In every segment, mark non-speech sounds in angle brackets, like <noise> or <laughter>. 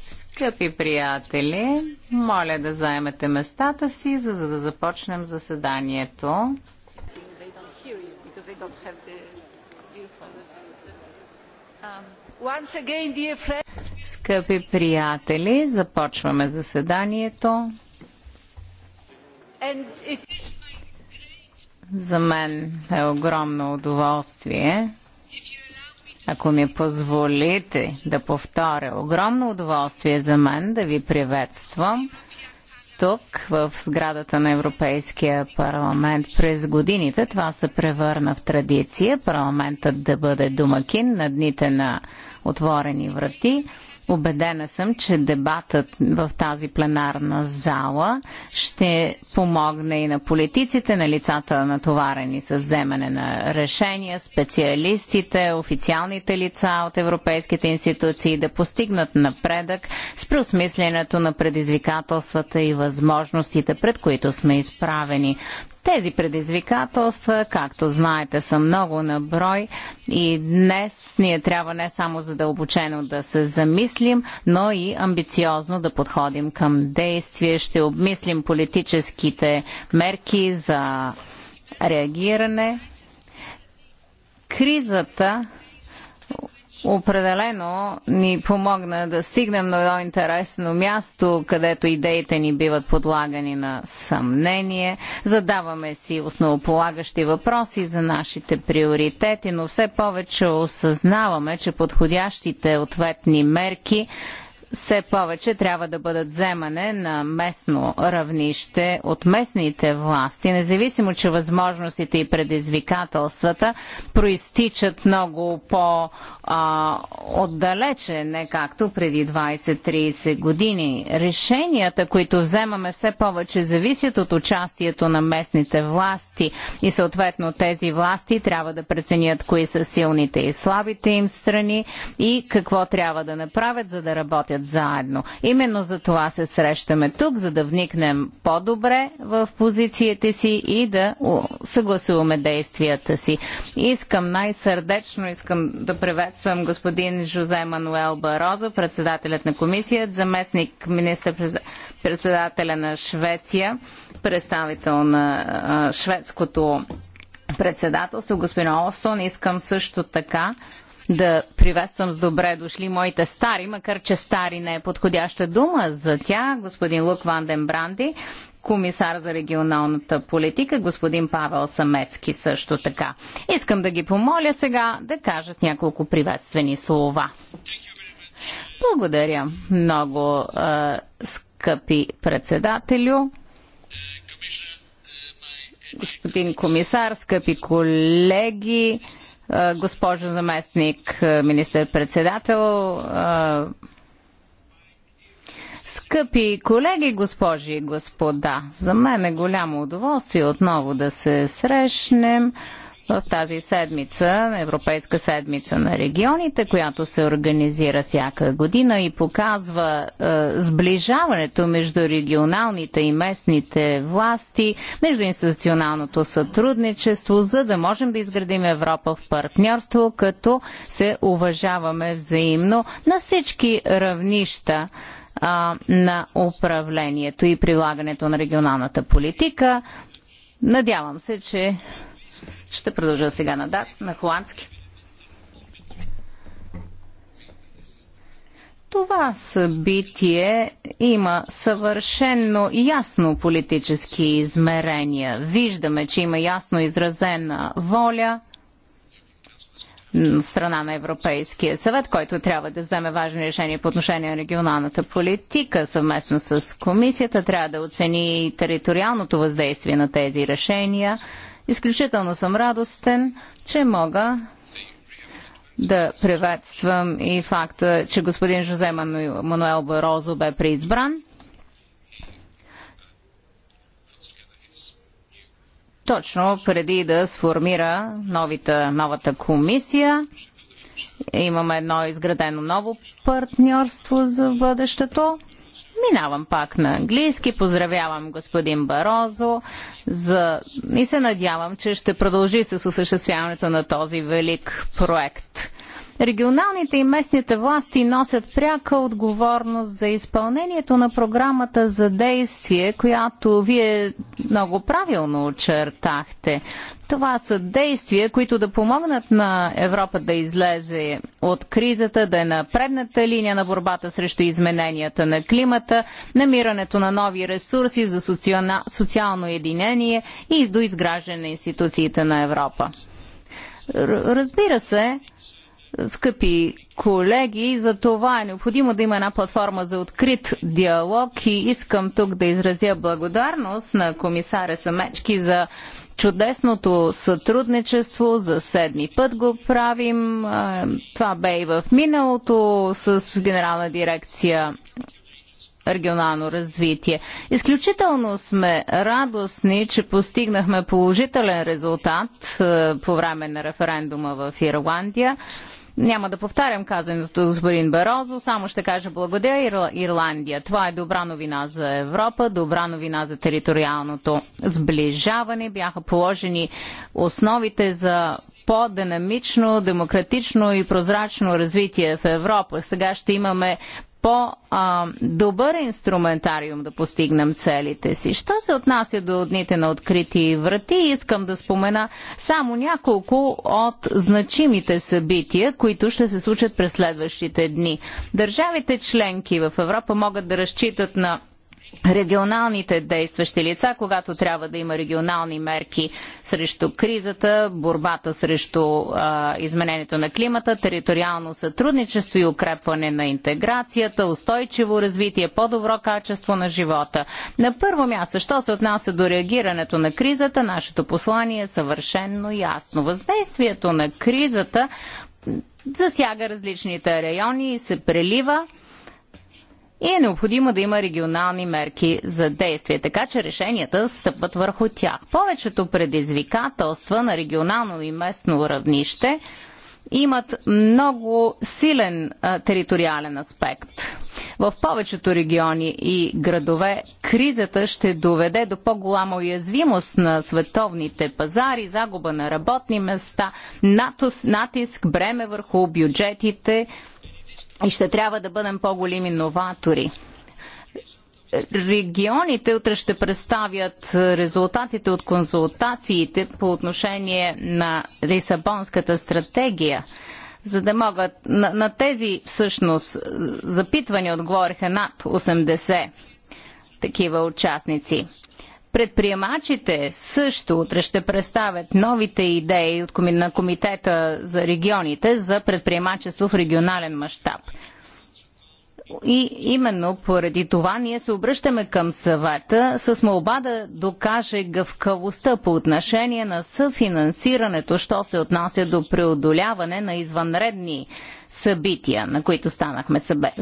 Скъпи приятели, моля да заемете местата си, за, за да започнем заседанието. Um, Скъпи приятели, започваме заседанието. За мен е огромно удоволствие ако ми позволите да повторя, огромно удоволствие за мен да ви приветствам тук, в сградата на Европейския парламент през годините. Това се превърна в традиция парламентът да бъде домакин на дните на отворени врати. Обедена съм, че дебатът в тази пленарна зала ще помогне и на политиците, на лицата натоварени с вземане на решения, специалистите, официалните лица от европейските институции да постигнат напредък с преосмисленето на предизвикателствата и възможностите, пред които сме изправени. Тези предизвикателства, както знаете, са много на брой и днес ние трябва не само задълбочено да се замислим, но и амбициозно да подходим към действие. Ще обмислим политическите мерки за реагиране. Кризата определено ни помогна да стигнем на едно интересно място, където идеите ни биват подлагани на съмнение. Задаваме си основополагащи въпроси за нашите приоритети, но все повече осъзнаваме, че подходящите ответни мерки все повече трябва да бъдат вземане на местно равнище от местните власти, независимо, че възможностите и предизвикателствата проистичат много по-отдалече, не както преди 20-30 години. Решенията, които вземаме, все повече зависят от участието на местните власти и съответно тези власти трябва да преценят кои са силните и слабите им страни и какво трябва да направят, за да работят работят заедно. Именно за това се срещаме тук, за да вникнем по-добре в позициите си и да съгласуваме действията си. Искам най-сърдечно искам да приветствам господин Жозе Мануел Барозо, председателят на комисията, заместник министър председателя на Швеция, представител на шведското председателство, господин Олафсон. Искам също така да приветствам с добре дошли моите стари, макар че стари не е подходяща дума за тях, господин Лук Ванден Бранди, комисар за регионалната политика, господин Павел Самецки също така. Искам да ги помоля сега да кажат няколко приветствени слова. Благодаря много, скъпи председателю. Господин комисар, скъпи колеги, госпожо заместник министър-председател. Скъпи колеги, госпожи и господа, за мен е голямо удоволствие отново да се срещнем в тази седмица, Европейска седмица на регионите, която се организира всяка година и показва е, сближаването между регионалните и местните власти, между институционалното сътрудничество, за да можем да изградим Европа в партньорство, като се уважаваме взаимно на всички равнища е, на управлението и прилагането на регионалната политика. Надявам се, че ще продължа сега на дат, на холандски. Това събитие има съвършенно ясно политически измерения. Виждаме, че има ясно изразена воля страна на Европейския съвет, който трябва да вземе важни решения по отношение на регионалната политика съвместно с комисията. Трябва да оцени териториалното въздействие на тези решения Изключително съм радостен, че мога да приветствам и факта, че господин Жозе Мануел Барозо бе преизбран. Точно преди да сформира новата, новата комисия, имаме едно изградено ново партньорство за бъдещето. Минавам пак на английски. Поздравявам господин Барозо за... и се надявам, че ще продължи с осъществяването на този велик проект. Регионалните и местните власти носят пряка отговорност за изпълнението на програмата за действие, която вие много правилно очертахте. Това са действия, които да помогнат на Европа да излезе от кризата, да е на предната линия на борбата срещу измененията на климата, намирането на нови ресурси за социално единение и до изграждане на институциите на Европа. Разбира се, скъпи колеги, за това е необходимо да има една платформа за открит диалог и искам тук да изразя благодарност на комисаря Самечки за чудесното сътрудничество. За седми път го правим. Това бе и в миналото с генерална дирекция регионално развитие. Изключително сме радостни, че постигнахме положителен резултат по време на референдума в Ирландия. Няма да повтарям казаното господин Барозо, само ще кажа благодаря Ирландия. Това е добра новина за Европа, добра новина за териториалното сближаване. Бяха положени основите за по-динамично, демократично и прозрачно развитие в Европа. Сега ще имаме по-добър инструментариум да постигнем целите си. Що се отнася до дните на открити врати, искам да спомена само няколко от значимите събития, които ще се случат през следващите дни. Държавите членки в Европа могат да разчитат на регионалните действащи лица, когато трябва да има регионални мерки срещу кризата, борбата срещу а, изменението на климата, териториално сътрудничество и укрепване на интеграцията, устойчиво развитие, по-добро качество на живота. На първо място, що се отнася до реагирането на кризата, нашето послание е съвършенно ясно. Въздействието на кризата засяга различните райони и се прелива и е необходимо да има регионални мерки за действие, така че решенията стъпват върху тях. Повечето предизвикателства на регионално и местно равнище имат много силен а, териториален аспект. В повечето региони и градове кризата ще доведе до по-голяма уязвимост на световните пазари, загуба на работни места, натиск, бреме върху бюджетите и ще трябва да бъдем по-големи новатори регионите утре ще представят резултатите от консултациите по отношение на Лисабонската стратегия, за да могат на, на тези всъщност запитвания отговориха над 80 такива участници. Предприемачите също утре ще представят новите идеи от на Комитета за регионите за предприемачество в регионален мащаб. И именно поради това ние се обръщаме към съвета с молба да докаже гъвкавостта по отношение на съфинансирането, що се отнася до преодоляване на извънредни събития, на които станахме събе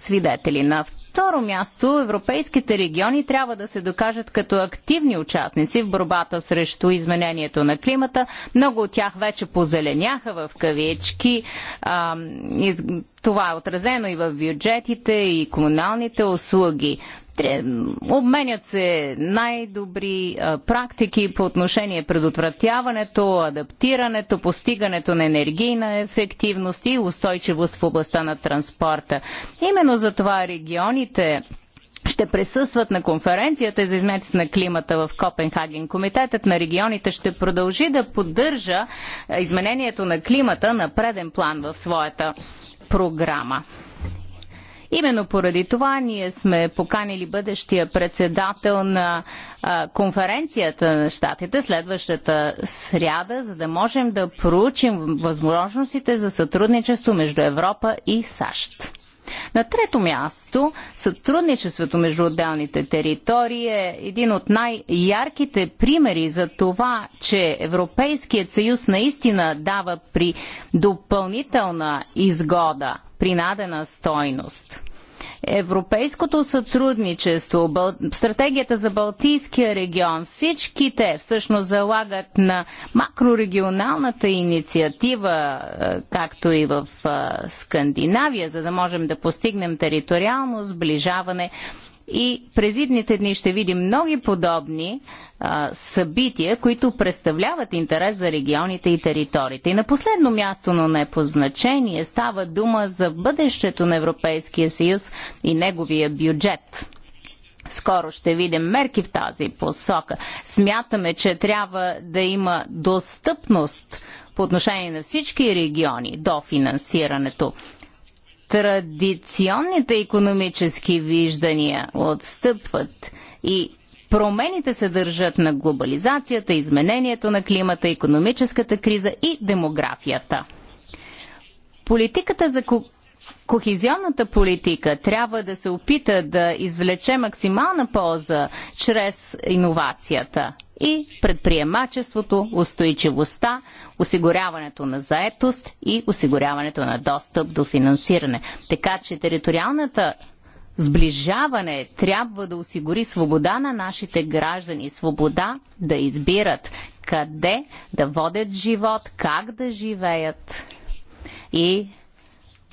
свидетели. На второ място, европейските региони трябва да се докажат като активни участници в борбата срещу изменението на климата. Много от тях вече позеленяха в кавички. А, из... Това е отразено и в бюджетите и комуналните услуги обменят се най-добри практики по отношение предотвратяването, адаптирането, постигането на енергийна ефективност и устойчивост в областта на транспорта. Именно за това регионите ще присъстват на конференцията за изменението на климата в Копенхаген. Комитетът на регионите ще продължи да поддържа изменението на климата на преден план в своята програма. Именно поради това ние сме поканили бъдещия председател на а, конференцията на щатите следващата сряда, за да можем да проучим възможностите за сътрудничество между Европа и САЩ. На трето място, сътрудничеството между отделните територии е един от най-ярките примери за това, че Европейският съюз наистина дава при допълнителна изгода принадена стойност. Европейското сътрудничество, стратегията за Балтийския регион, всички те всъщност залагат на макрорегионалната инициатива, е, както и в е, Скандинавия, за да можем да постигнем териториално сближаване и през идните дни ще видим много подобни а, събития, които представляват интерес за регионите и териториите. И на последно място, но не по значение, става дума за бъдещето на Европейския съюз и неговия бюджет. Скоро ще видим мерки в тази посока. Смятаме, че трябва да има достъпност по отношение на всички региони до финансирането традиционните економически виждания отстъпват и промените се държат на глобализацията, изменението на климата, економическата криза и демографията. Политиката за Кохезионната политика трябва да се опита да извлече максимална полза чрез иновацията и предприемачеството, устойчивостта, осигуряването на заетост и осигуряването на достъп до финансиране. Така че териториалната сближаване трябва да осигури свобода на нашите граждани, свобода да избират къде да водят живот, как да живеят и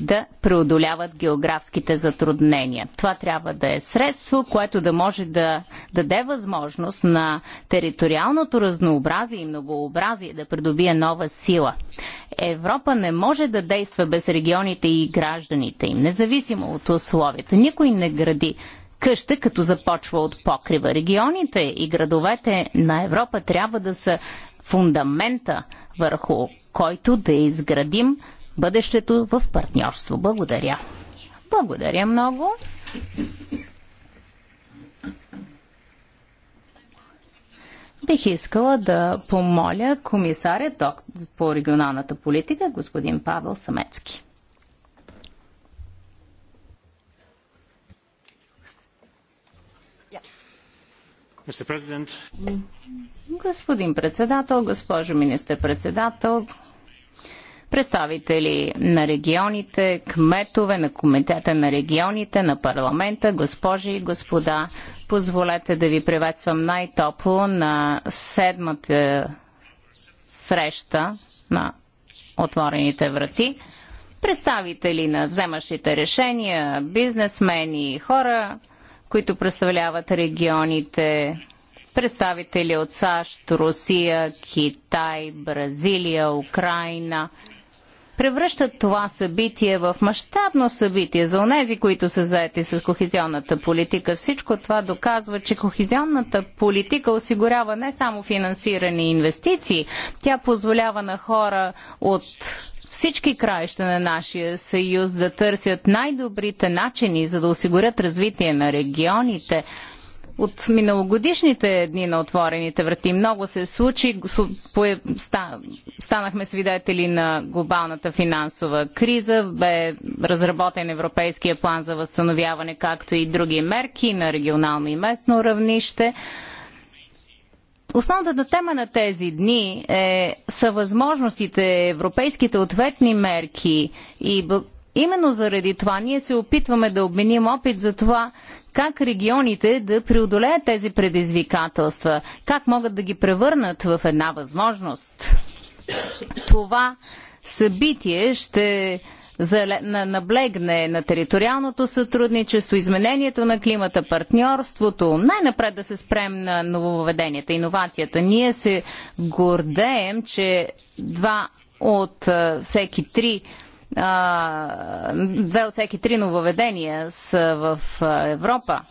да преодоляват географските затруднения. Това трябва да е средство, което да може да даде възможност на териториалното разнообразие и многообразие да придобие нова сила. Европа не може да действа без регионите и гражданите им, независимо от условията. Никой не гради къща, като започва от покрива. Регионите и градовете на Европа трябва да са фундамента върху който да изградим бъдещето в партньорство. Благодаря. Благодаря много. Бих искала да помоля комисаря по регионалната политика, господин Павел Самецки. Господин председател, госпожо министър-председател, представители на регионите, кметове на комитета на регионите, на парламента, госпожи и господа. Позволете да ви приветствам най-топло на седмата среща на отворените врати. Представители на вземащите решения, бизнесмени, хора, които представляват регионите, представители от САЩ, Русия, Китай, Бразилия, Украина – превръщат това събитие в мащабно събитие за онези, които са заети с кохезионната политика. Всичко това доказва, че кохезионната политика осигурява не само финансирани инвестиции, тя позволява на хора от всички краища на нашия съюз да търсят най-добрите начини, за да осигурят развитие на регионите, от миналогодишните дни на отворените врати. Много се случи. Станахме свидетели на глобалната финансова криза. Бе разработен Европейския план за възстановяване, както и други мерки на регионално и местно равнище. Основната тема на тези дни е, са възможностите, европейските ответни мерки и именно заради това ние се опитваме да обменим опит за това как регионите да преодолеят тези предизвикателства, как могат да ги превърнат в една възможност. Това събитие ще наблегне на териториалното сътрудничество, изменението на климата, партньорството, най-напред да се спрем на нововведенията, иновацията. Ние се гордеем, че два от всеки три две от всеки три нововведения са в Европа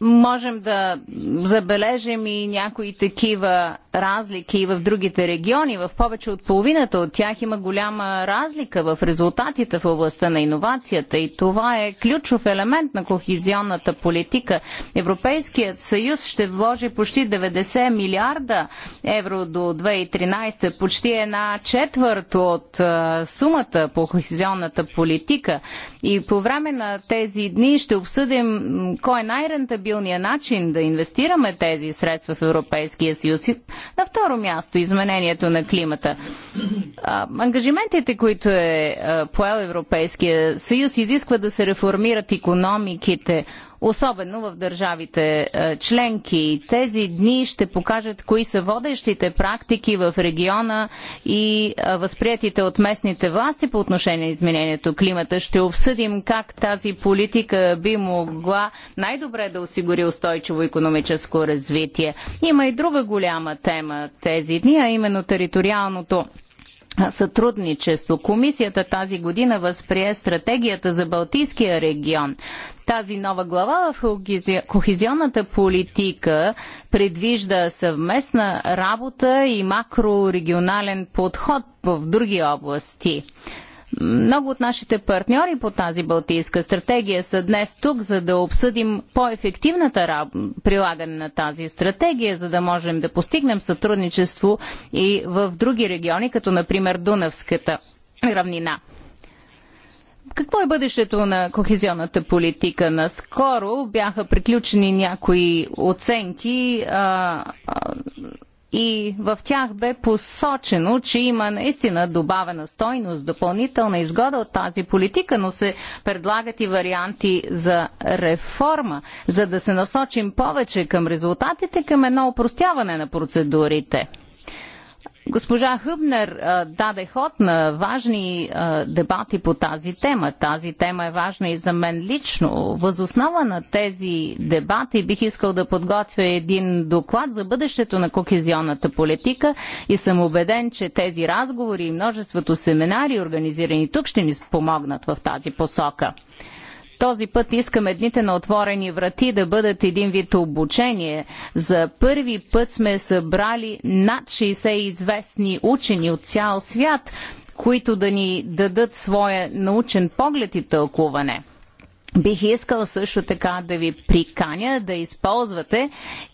можем да забележим и някои такива разлики в другите региони. В повече от половината от тях има голяма разлика в резултатите в областта на иновацията и това е ключов елемент на кохизионната политика. Европейският съюз ще вложи почти 90 милиарда евро до 2013, почти една четвърт от сумата по кохизионната политика. И по време на тези дни ще обсъдим кой е най-рентабилен най стабилният начин да инвестираме тези средства в Европейския съюз. И на второ място, изменението на климата. Ангажиментите, които е поел Европейския съюз, изисква да се реформират економиките, особено в държавите е, членки. Тези дни ще покажат кои са водещите практики в региона и е, възприятите от местните власти по отношение на изменението климата. Ще обсъдим как тази политика би могла най-добре да осигури устойчиво економическо развитие. Има и друга голяма тема тези дни, а именно териториалното сътрудничество. Комисията тази година възприе стратегията за Балтийския регион. Тази нова глава в кохезионната политика предвижда съвместна работа и макрорегионален подход в други области. Много от нашите партньори по тази Балтийска стратегия са днес тук, за да обсъдим по-ефективната раб... прилагане на тази стратегия, за да можем да постигнем сътрудничество и в други региони, като например Дунавската равнина. Какво е бъдещето на кохезионната политика? Наскоро бяха приключени някои оценки а, а, и в тях бе посочено, че има наистина добавена стойност, допълнителна изгода от тази политика, но се предлагат и варианти за реформа, за да се насочим повече към резултатите, към едно упростяване на процедурите. Госпожа Хъбнер даде ход на важни дебати по тази тема. Тази тема е важна и за мен лично. Възоснова на тези дебати бих искал да подготвя един доклад за бъдещето на кохезионната политика и съм убеден, че тези разговори и множеството семинари, организирани тук, ще ни спомогнат в тази посока. Този път искаме дните на отворени врати да бъдат един вид обучение. За първи път сме събрали над 60 известни учени от цял свят, които да ни дадат своя научен поглед и тълкуване – Бих искал също така да ви приканя да използвате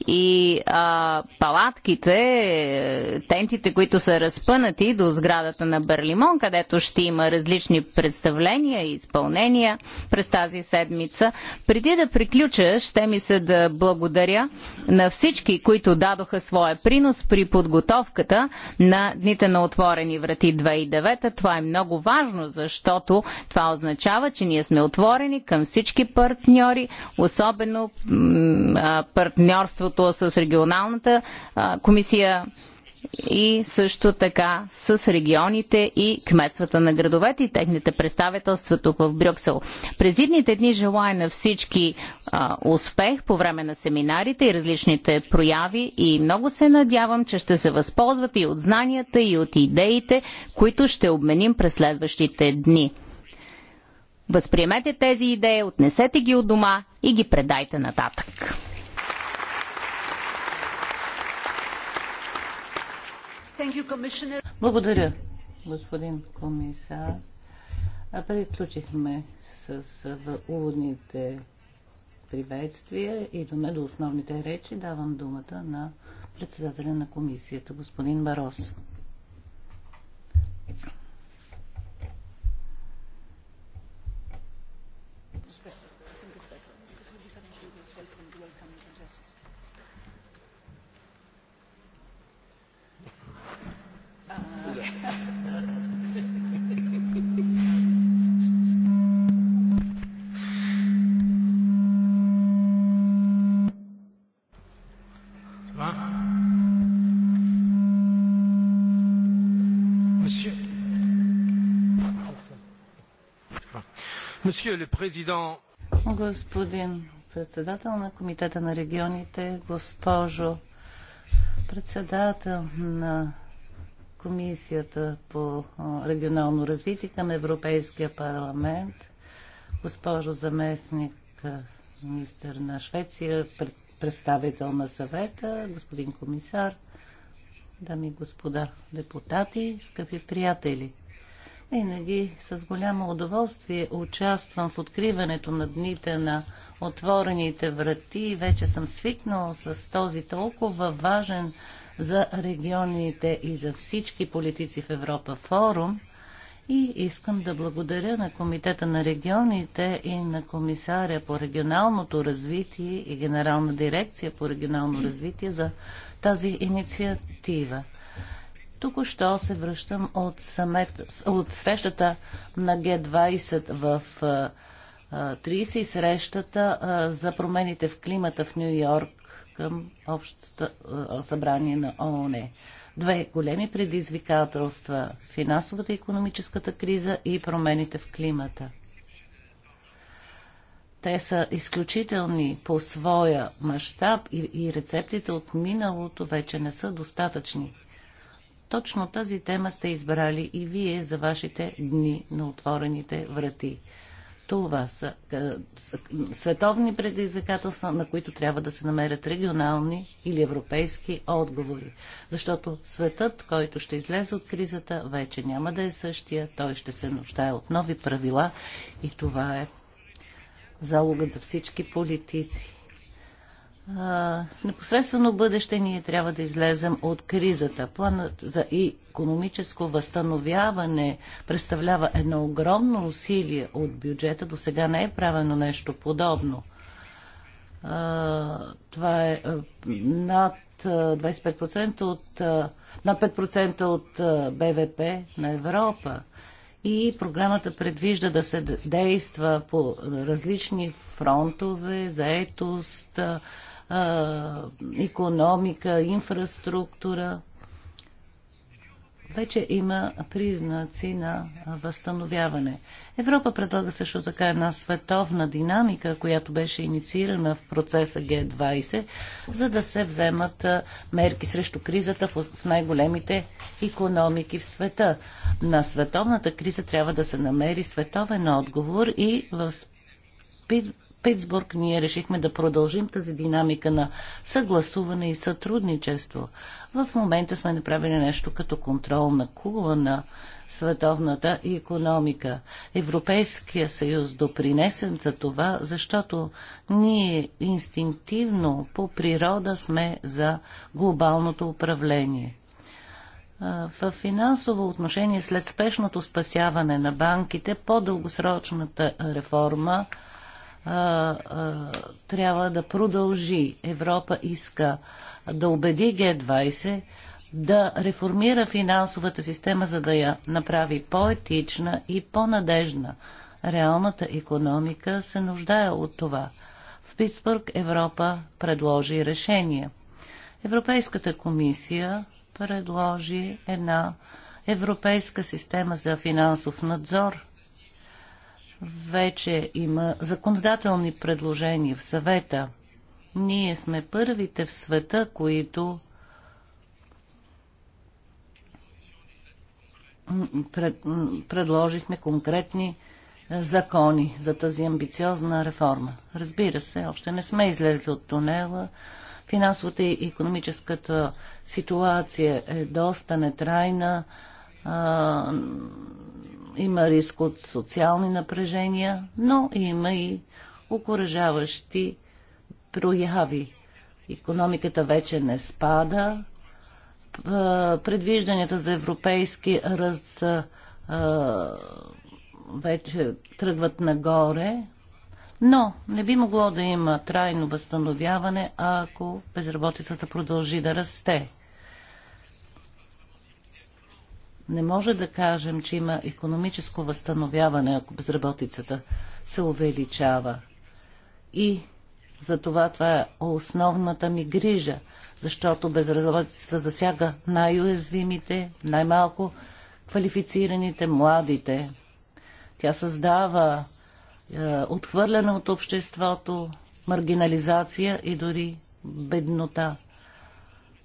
и а, палатките, тентите, които са разпънати до сградата на Берлимон, където ще има различни представления и изпълнения през тази седмица. Преди да приключа, ще ми се да благодаря на всички, които дадоха своя принос при подготовката на Дните на отворени врати 2009. Това е много важно, защото това означава, че ние сме отворени към всички партньори, особено партньорството с регионалната комисия и също така с регионите и кметствата на градовете и техните представителства тук в Брюксел. През идните дни желая на всички а, успех по време на семинарите и различните прояви и много се надявам, че ще се възползвате и от знанията и от идеите, които ще обменим през следващите дни. Възприемете тези идеи, отнесете ги от дома и ги предайте нататък. Благодаря, господин комисар. А приключихме с уводните приветствия. Идваме до основните речи. Давам думата на председателя на комисията, господин Барос. Господин председател на Комитета на регионите, госпожо председател на Комисията по регионално развитие към Европейския парламент, госпожо заместник министър на Швеция, представител на съвета, господин комисар, дами и господа депутати, скъпи приятели. Винаги с голямо удоволствие участвам в откриването на дните на отворените врати. Вече съм свикнал с този толкова важен за регионите и за всички политици в Европа форум. И искам да благодаря на Комитета на регионите и на комисаря по регионалното развитие и Генерална дирекция по регионално развитие за тази инициатива. Току-що се връщам от, самет, от срещата на Г20 в 30 и срещата за промените в климата в Нью Йорк към Общото събрание на ООН. Две големи предизвикателства финансовата и економическата криза и промените в климата. Те са изключителни по своя мащаб и, и рецептите от миналото вече не са достатъчни. Точно тази тема сте избрали и вие за вашите дни на отворените врати. Това са е, световни предизвикателства, на които трябва да се намерят регионални или европейски отговори. Защото светът, който ще излезе от кризата, вече няма да е същия. Той ще се нуждае от нови правила и това е залогът за всички политици в непосредствено бъдеще ние трябва да излезем от кризата. Планът за економическо възстановяване представлява едно огромно усилие от бюджета. До сега не е правено нещо подобно. Това е над 25% от, над 5% от БВП на Европа. И програмата предвижда да се действа по различни фронтове, заетост, економика, инфраструктура. Вече има признаци на възстановяване. Европа предлага също така една световна динамика, която беше инициирана в процеса Г20, за да се вземат мерки срещу кризата в най-големите економики в света. На световната криза трябва да се намери световен отговор и в Питсбург ние решихме да продължим тази динамика на съгласуване и сътрудничество. В момента сме направили нещо като контролна кула на световната економика. Европейския съюз допринесен за това, защото ние инстинктивно по природа сме за глобалното управление. В финансово отношение след спешното спасяване на банките, по-дългосрочната реформа – а, а, трябва да продължи. Европа иска да убеди Г-20 да реформира финансовата система, за да я направи по-етична и по-надежна. Реалната економика се нуждае от това. В Питсбург Европа предложи решение. Европейската комисия предложи една европейска система за финансов надзор – вече има законодателни предложения в съвета. Ние сме първите в света, които предложихме конкретни е, закони за тази амбициозна реформа. Разбира се, още не сме излезли от тунела. Финансовата и економическата ситуация е доста нетрайна. Има риск от социални напрежения, но има и окоръжаващи прояви. Економиката вече не спада. Предвижданията за европейски ръст вече тръгват нагоре, но не би могло да има трайно възстановяване, ако безработицата продължи да расте. Не може да кажем, че има економическо възстановяване, ако безработицата се увеличава. И за това това е основната ми грижа, защото безработицата засяга най-уязвимите, най-малко квалифицираните, младите. Тя създава е, отхвърляне от обществото, маргинализация и дори беднота.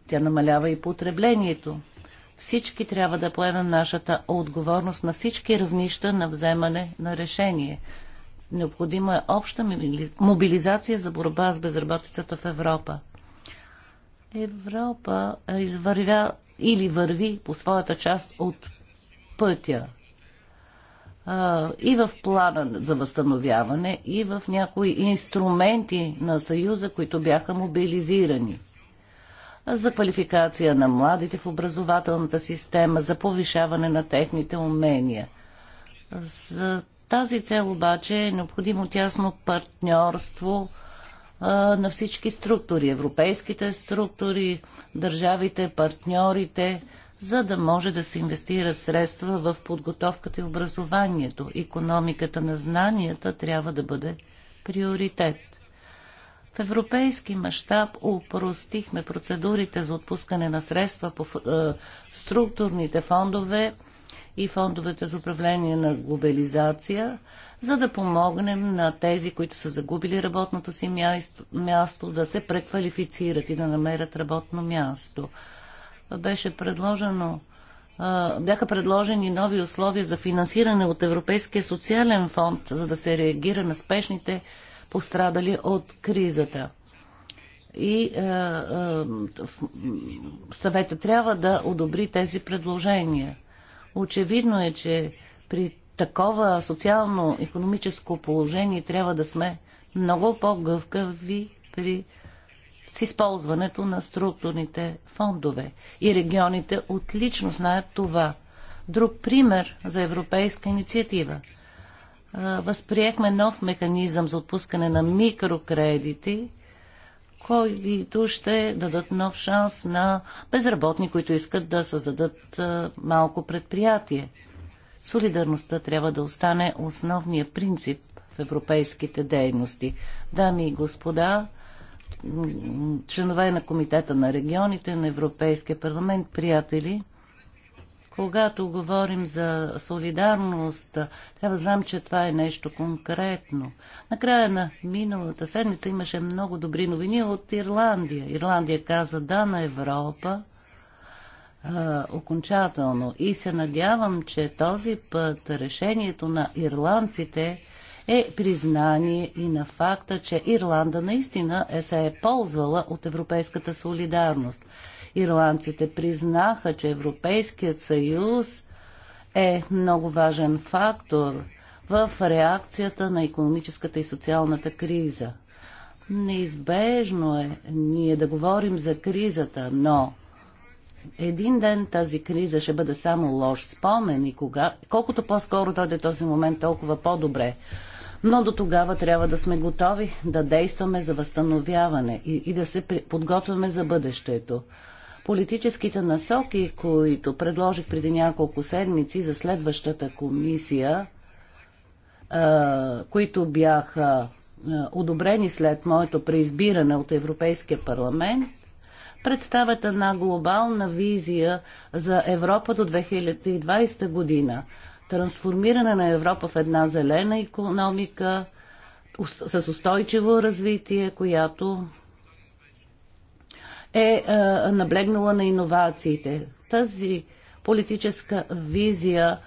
Тя намалява и потреблението. Всички трябва да поемем нашата отговорност на всички равнища на вземане на решение. Необходима е обща мобилизация за борба с безработицата в Европа. Европа е, извървя или върви по своята част от пътя. И в плана за възстановяване, и в някои инструменти на Съюза, които бяха мобилизирани за квалификация на младите в образователната система, за повишаване на техните умения. За тази цел обаче е необходимо тясно партньорство на всички структури, европейските структури, държавите, партньорите, за да може да се инвестира средства в подготовката и образованието. Економиката на знанията трябва да бъде приоритет. В европейски мащаб упростихме процедурите за отпускане на средства по е, структурните фондове и фондовете за управление на глобализация, за да помогнем на тези, които са загубили работното си място, да се преквалифицират и да намерят работно място. Беше предложено е, бяха предложени нови условия за финансиране от Европейския социален фонд, за да се реагира на спешните пострадали от кризата. И е, е, съвета трябва да одобри тези предложения. Очевидно е, че при такова социално-економическо положение трябва да сме много по-гъвкави при с използването на структурните фондове. И регионите отлично знаят това. Друг пример за европейска инициатива – възприехме нов механизъм за отпускане на микрокредити, които ще дадат нов шанс на безработни, които искат да създадат малко предприятие. Солидарността трябва да остане основния принцип в европейските дейности. Дами и господа, членове на Комитета на регионите, на Европейския парламент, приятели, когато говорим за солидарност, трябва да знам, че това е нещо конкретно. Накрая на миналата седмица имаше много добри новини от Ирландия. Ирландия каза да на Европа а, окончателно и се надявам, че този път решението на ирландците е признание и на факта, че Ирланда наистина е се е ползвала от европейската солидарност. Ирландците признаха, че Европейският съюз е много важен фактор в реакцията на економическата и социалната криза. Неизбежно е ние да говорим за кризата, но един ден тази криза ще бъде само лош спомен и кога, колкото по-скоро дойде този момент, толкова по-добре. Но до тогава трябва да сме готови да действаме за възстановяване и, и да се подготвяме за бъдещето. Политическите насоки, които предложих преди няколко седмици за следващата комисия, които бяха одобрени след моето преизбиране от Европейския парламент, представят една глобална визия за Европа до 2020 година. Трансформиране на Европа в една зелена економика с устойчиво развитие, която е, е наблегнала на иновациите. Тази политическа визия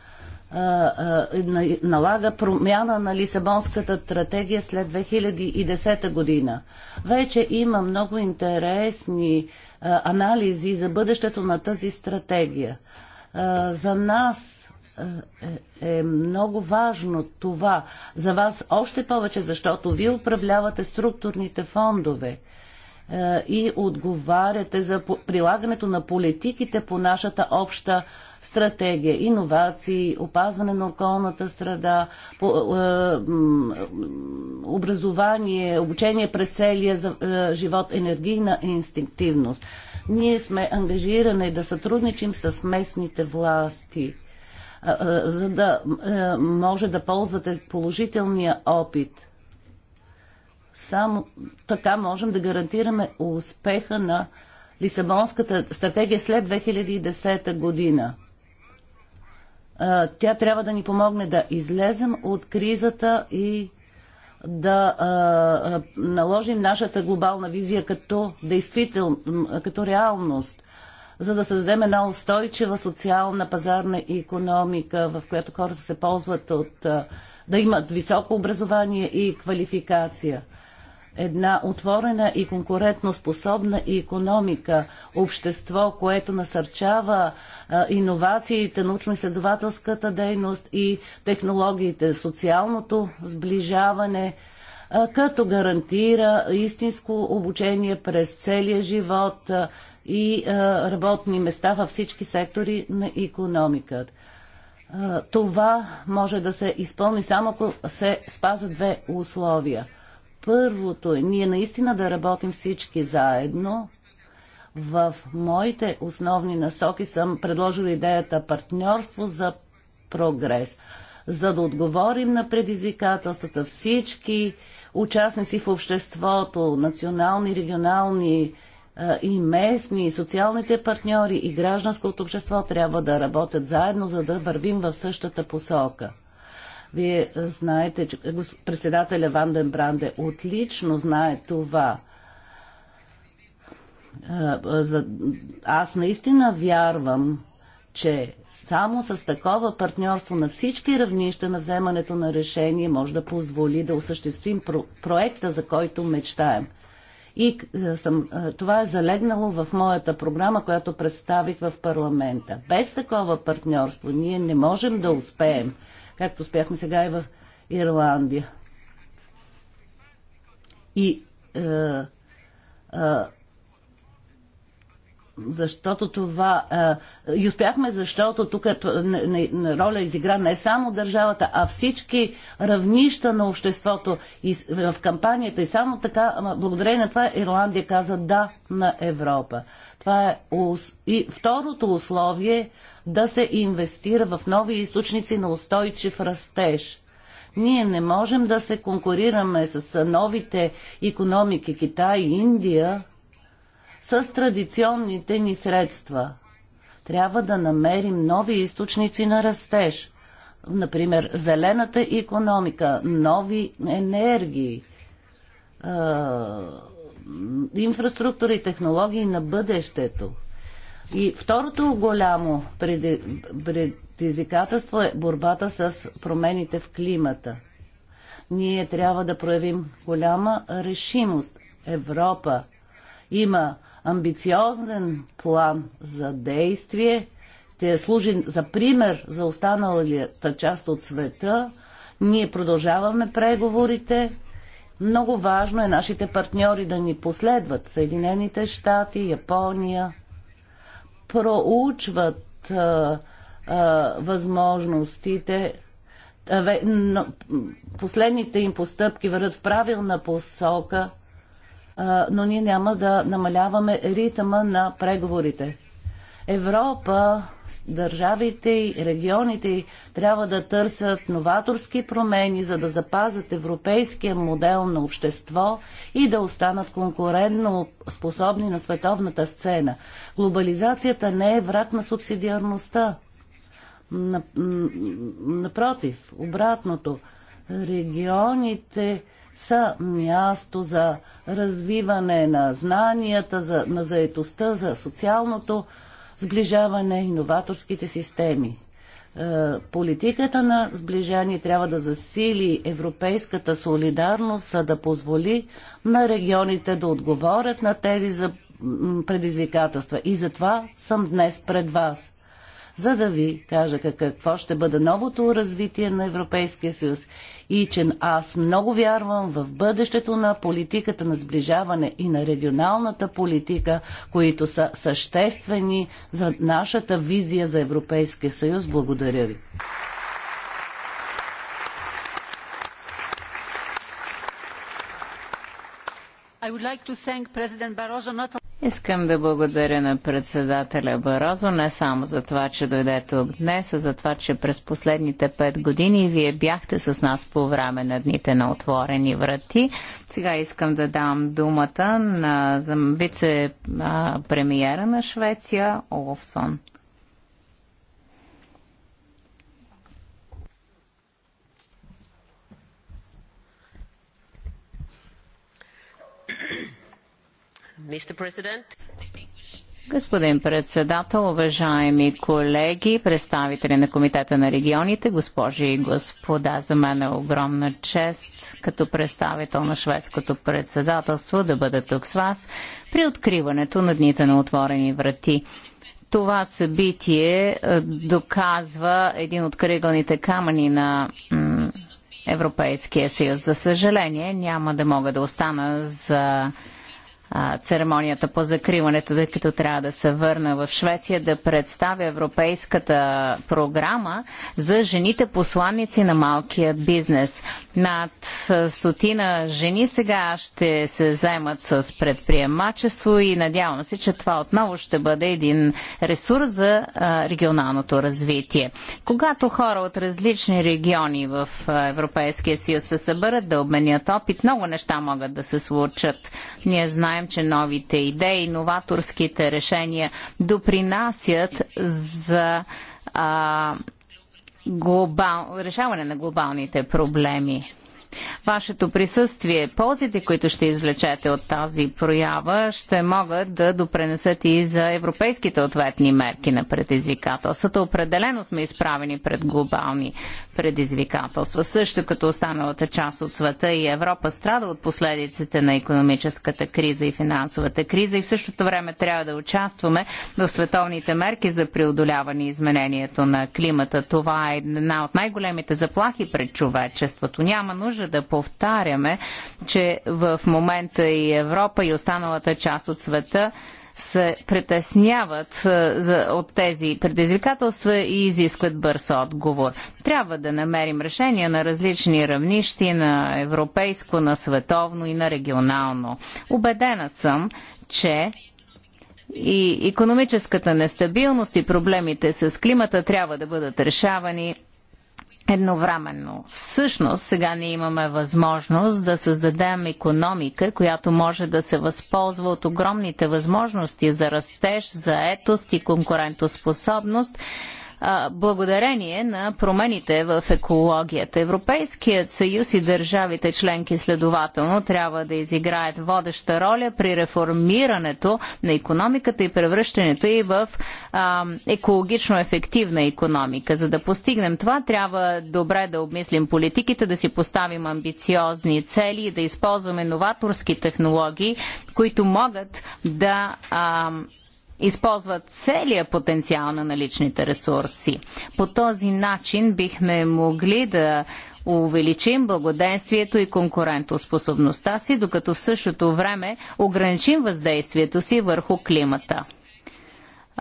е, е, налага промяна на Лисабонската стратегия след 2010 година. Вече има много интересни анализи за бъдещето на тази стратегия. За нас е много важно това. За вас още повече, защото вие управлявате структурните фондове. Е, и отговаряте за прилагането на политиките по нашата обща стратегия, иновации, опазване на околната среда, е, образование, обучение през целия е, живот, енергийна инстинктивност. Ние сме ангажирани да сътрудничим с местните власти, за да може да ползвате положителния опит – само така можем да гарантираме успеха на Лисабонската стратегия след 2010 година. Тя трябва да ни помогне да излезем от кризата и да наложим нашата глобална визия като действител, като реалност, за да създадем една устойчива социална пазарна економика, в която хората се ползват от да имат високо образование и квалификация една отворена и конкурентно способна економика, общество, което насърчава а, иновациите, научно-изследователската дейност и технологиите, социалното сближаване, а, като гарантира истинско обучение през целия живот а, и работни места във всички сектори на економиката. Това може да се изпълни само ако се спазят две условия – първото е ние наистина да работим всички заедно. В моите основни насоки съм предложила идеята партньорство за прогрес. За да отговорим на предизвикателствата всички участници в обществото, национални, регионални и местни, и социалните партньори, и гражданското общество трябва да работят заедно, за да вървим в същата посока – вие знаете, че председателя Ванден Бранде отлично знае това. Аз наистина вярвам, че само с такова партньорство на всички равнища на вземането на решение може да позволи да осъществим проекта, за който мечтаем. И съм, това е залегнало в моята програма, която представих в парламента. Без такова партньорство ние не можем да успеем както успяхме сега и в Ирландия. И е, е, защото това. Е, и успяхме, защото тук е не, не, не, роля изигра не само държавата, а всички равнища на обществото и, в кампанията. И само така, благодарение на това, Ирландия каза да на Европа. Това е и второто условие да се инвестира в нови източници на устойчив растеж. Ние не можем да се конкурираме с новите економики Китай и Индия с традиционните ни средства. Трябва да намерим нови източници на растеж. Например, зелената економика, нови енергии, инфраструктура и технологии на бъдещето. И второто голямо предизвикателство е борбата с промените в климата. Ние трябва да проявим голяма решимост. Европа има амбициозен план за действие, те служи за пример за останалата част от света. Ние продължаваме преговорите. Много важно е нашите партньори да ни последват. Съединените щати, Япония, проучват а, а, възможностите. А, но, последните им постъпки върват в правилна посока, а, но ние няма да намаляваме ритъма на преговорите. Европа, държавите и регионите трябва да търсят новаторски промени, за да запазят европейския модел на общество и да останат конкурентно способни на световната сцена. Глобализацията не е враг на субсидиарността. Напротив, обратното, регионите са място за развиване на знанията, за, на заетостта, за социалното сближаване, иноваторските системи. Е, политиката на сближание трябва да засили европейската солидарност, за да позволи на регионите да отговорят на тези предизвикателства. И затова съм днес пред вас за да ви кажа какво ще бъде новото развитие на Европейския съюз и че аз много вярвам в бъдещето на политиката на сближаване и на регионалната политика, които са съществени за нашата визия за Европейския съюз. Благодаря ви. Like Barroso, Искам да благодаря на председателя Барозо не само за това, че дойде тук днес, а за това, че през последните пет години вие бяхте с нас по време на дните на отворени врати. Сега искам да дам думата на вице-премиера на Швеция Оловсон. Господин председател, уважаеми колеги, представители на Комитета на регионите, госпожи и господа, за мен е огромна чест като представител на шведското председателство да бъда тук с вас при откриването на Дните на отворени врати това събитие е, доказва един от кръгълните камъни на Европейския съюз. За съжаление, няма да мога да остана за а, церемонията по закриването, тъй като трябва да се върна в Швеция, да представя европейската програма за жените посланници на малкия бизнес. Над стотина жени сега ще се заемат с предприемачество и надявам се, че това отново ще бъде един ресурс за а, регионалното развитие. Когато хора от различни региони в Европейския съюз се съберат да обменят опит, много неща могат да се случат. Ние знаем, знаем, че новите идеи, новаторските решения допринасят за а, глобал, решаване на глобалните проблеми вашето присъствие. Ползите, които ще извлечете от тази проява, ще могат да допренесат и за европейските ответни мерки на предизвикателствата. Определено сме изправени пред глобални предизвикателства. Също като останалата част от света и Европа страда от последиците на економическата криза и финансовата криза и в същото време трябва да участваме в световните мерки за преодоляване изменението на климата. Това е една от най-големите заплахи пред човечеството. Няма нужда държа да повтаряме, че в момента и Европа и останалата част от света се притесняват е, от тези предизвикателства и изискват бърз отговор. Трябва да намерим решения на различни равнищи, на европейско, на световно и на регионално. Обедена съм, че и економическата нестабилност и проблемите с климата трябва да бъдат решавани едновременно. Всъщност, сега ние имаме възможност да създадем економика, която може да се възползва от огромните възможности за растеж, за етост и конкурентоспособност – благодарение на промените в екологията. Европейският съюз и държавите членки следователно трябва да изиграят водеща роля при реформирането на економиката и превръщането и в екологично ефективна економика. За да постигнем това, трябва добре да обмислим политиките, да си поставим амбициозни цели и да използваме новаторски технологии, които могат да използват целият потенциал на наличните ресурси. По този начин бихме могли да увеличим благоденствието и конкурентоспособността си, докато в същото време ограничим въздействието си върху климата.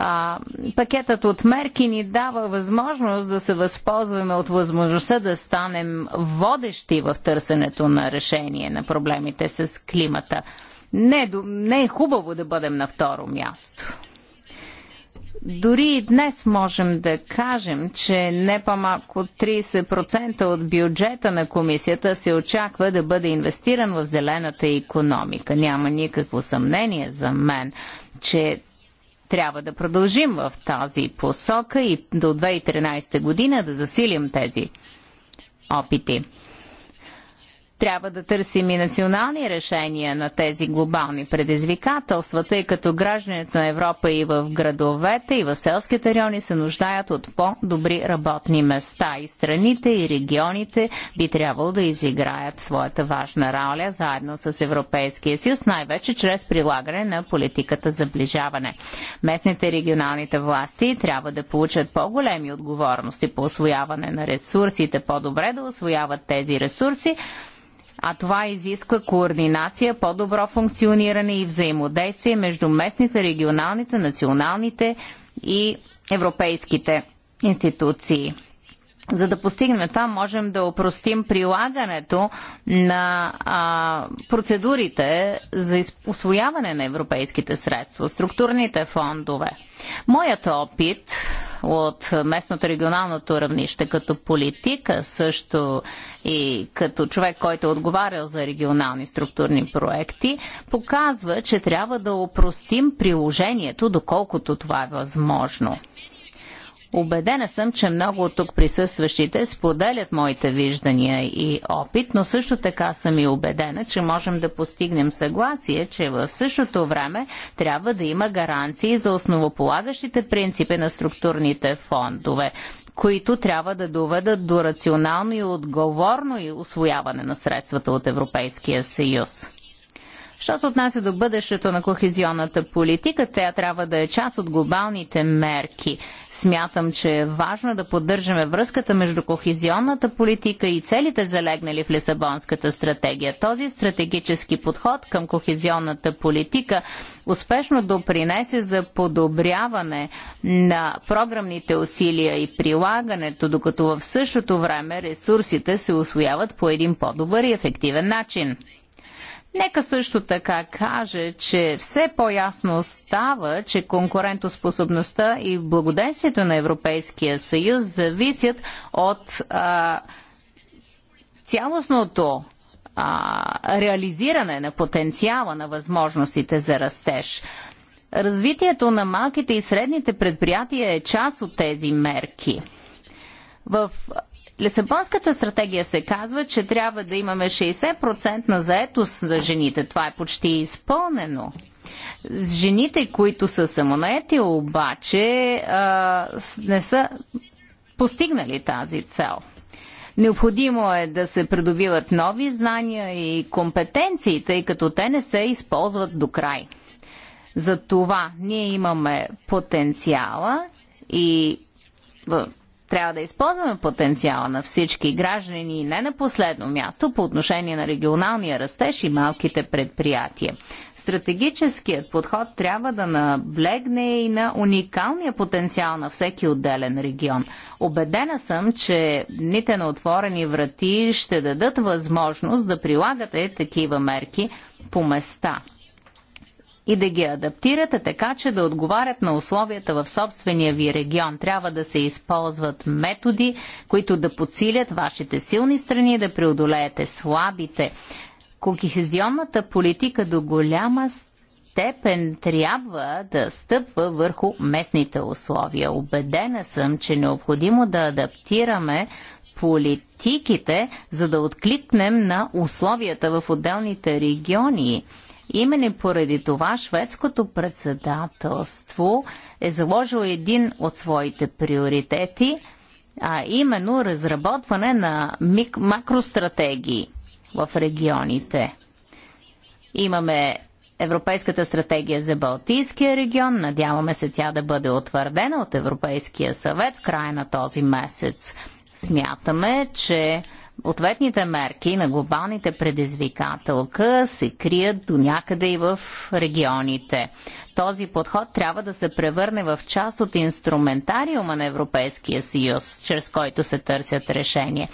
А, пакетът от мерки ни дава възможност да се възползваме от възможността да станем водещи в търсенето на решение на проблемите с климата. Не, е не е хубаво да бъдем на второ място. Дори и днес можем да кажем, че не по-малко 30% от бюджета на комисията се очаква да бъде инвестиран в зелената економика. Няма никакво съмнение за мен, че трябва да продължим в тази посока и до 2013 година да засилим тези опити трябва да търсим и национални решения на тези глобални предизвикателства, тъй като гражданите на Европа и в градовете, и в селските райони се нуждаят от по-добри работни места. И страните, и регионите би трябвало да изиграят своята важна роля заедно с Европейския съюз, най-вече чрез прилагане на политиката за ближаване. Местните и регионалните власти трябва да получат по-големи отговорности по освояване на ресурсите, по-добре да освояват тези ресурси, а това изисква координация, по-добро функциониране и взаимодействие между местните, регионалните, националните и европейските институции. За да постигнем това, можем да опростим прилагането на а, процедурите за освояване на европейските средства, структурните фондове. Моят опит от местното регионалното равнище като политика, също и като човек, който е отговарял за регионални структурни проекти, показва, че трябва да опростим приложението, доколкото това е възможно. Убедена съм, че много от тук присъстващите споделят моите виждания и опит, но също така съм и убедена, че можем да постигнем съгласие, че в същото време трябва да има гаранции за основополагащите принципи на структурните фондове, които трябва да доведат до рационално и отговорно и освояване на средствата от Европейския съюз. Що се отнася до бъдещето на кохезионната политика, тя трябва да е част от глобалните мерки. Смятам, че е важно да поддържаме връзката между кохезионната политика и целите залегнали в Лисабонската стратегия. Този стратегически подход към кохезионната политика успешно допринесе за подобряване на програмните усилия и прилагането, докато в същото време ресурсите се освояват по един по-добър и ефективен начин. Нека също така каже, че все по-ясно става, че конкурентоспособността и благоденствието на Европейския съюз зависят от а, цялостното а, реализиране на потенциала на възможностите за растеж. Развитието на малките и средните предприятия е част от тези мерки. В Лисабонската стратегия се казва, че трябва да имаме 60% на заетост за жените. Това е почти изпълнено. Жените, които са самонаети, обаче а, не са постигнали тази цел. Необходимо е да се придобиват нови знания и компетенции, тъй като те не се използват до край. За това ние имаме потенциала и в трябва да използваме потенциала на всички граждани и не на последно място по отношение на регионалния растеж и малките предприятия. Стратегическият подход трябва да наблегне и на уникалния потенциал на всеки отделен регион. Обедена съм, че дните на отворени врати ще дадат възможност да прилагате такива мерки по места и да ги адаптирате така, че да отговарят на условията в собствения ви регион. Трябва да се използват методи, които да подсилят вашите силни страни и да преодолеете слабите. Кохезионната политика до голяма степен трябва да стъпва върху местните условия. Обедена съм, че е необходимо да адаптираме политиките, за да откликнем на условията в отделните региони Именно поради това шведското председателство е заложило един от своите приоритети, а именно разработване на макростратегии в регионите. Имаме Европейската стратегия за Балтийския регион. Надяваме се тя да бъде утвърдена от Европейския съвет в края на този месец. Смятаме, че ответните мерки на глобалните предизвикателка се крият до някъде и в регионите. Този подход трябва да се превърне в част от инструментариума на Европейския съюз, чрез който се търсят решения.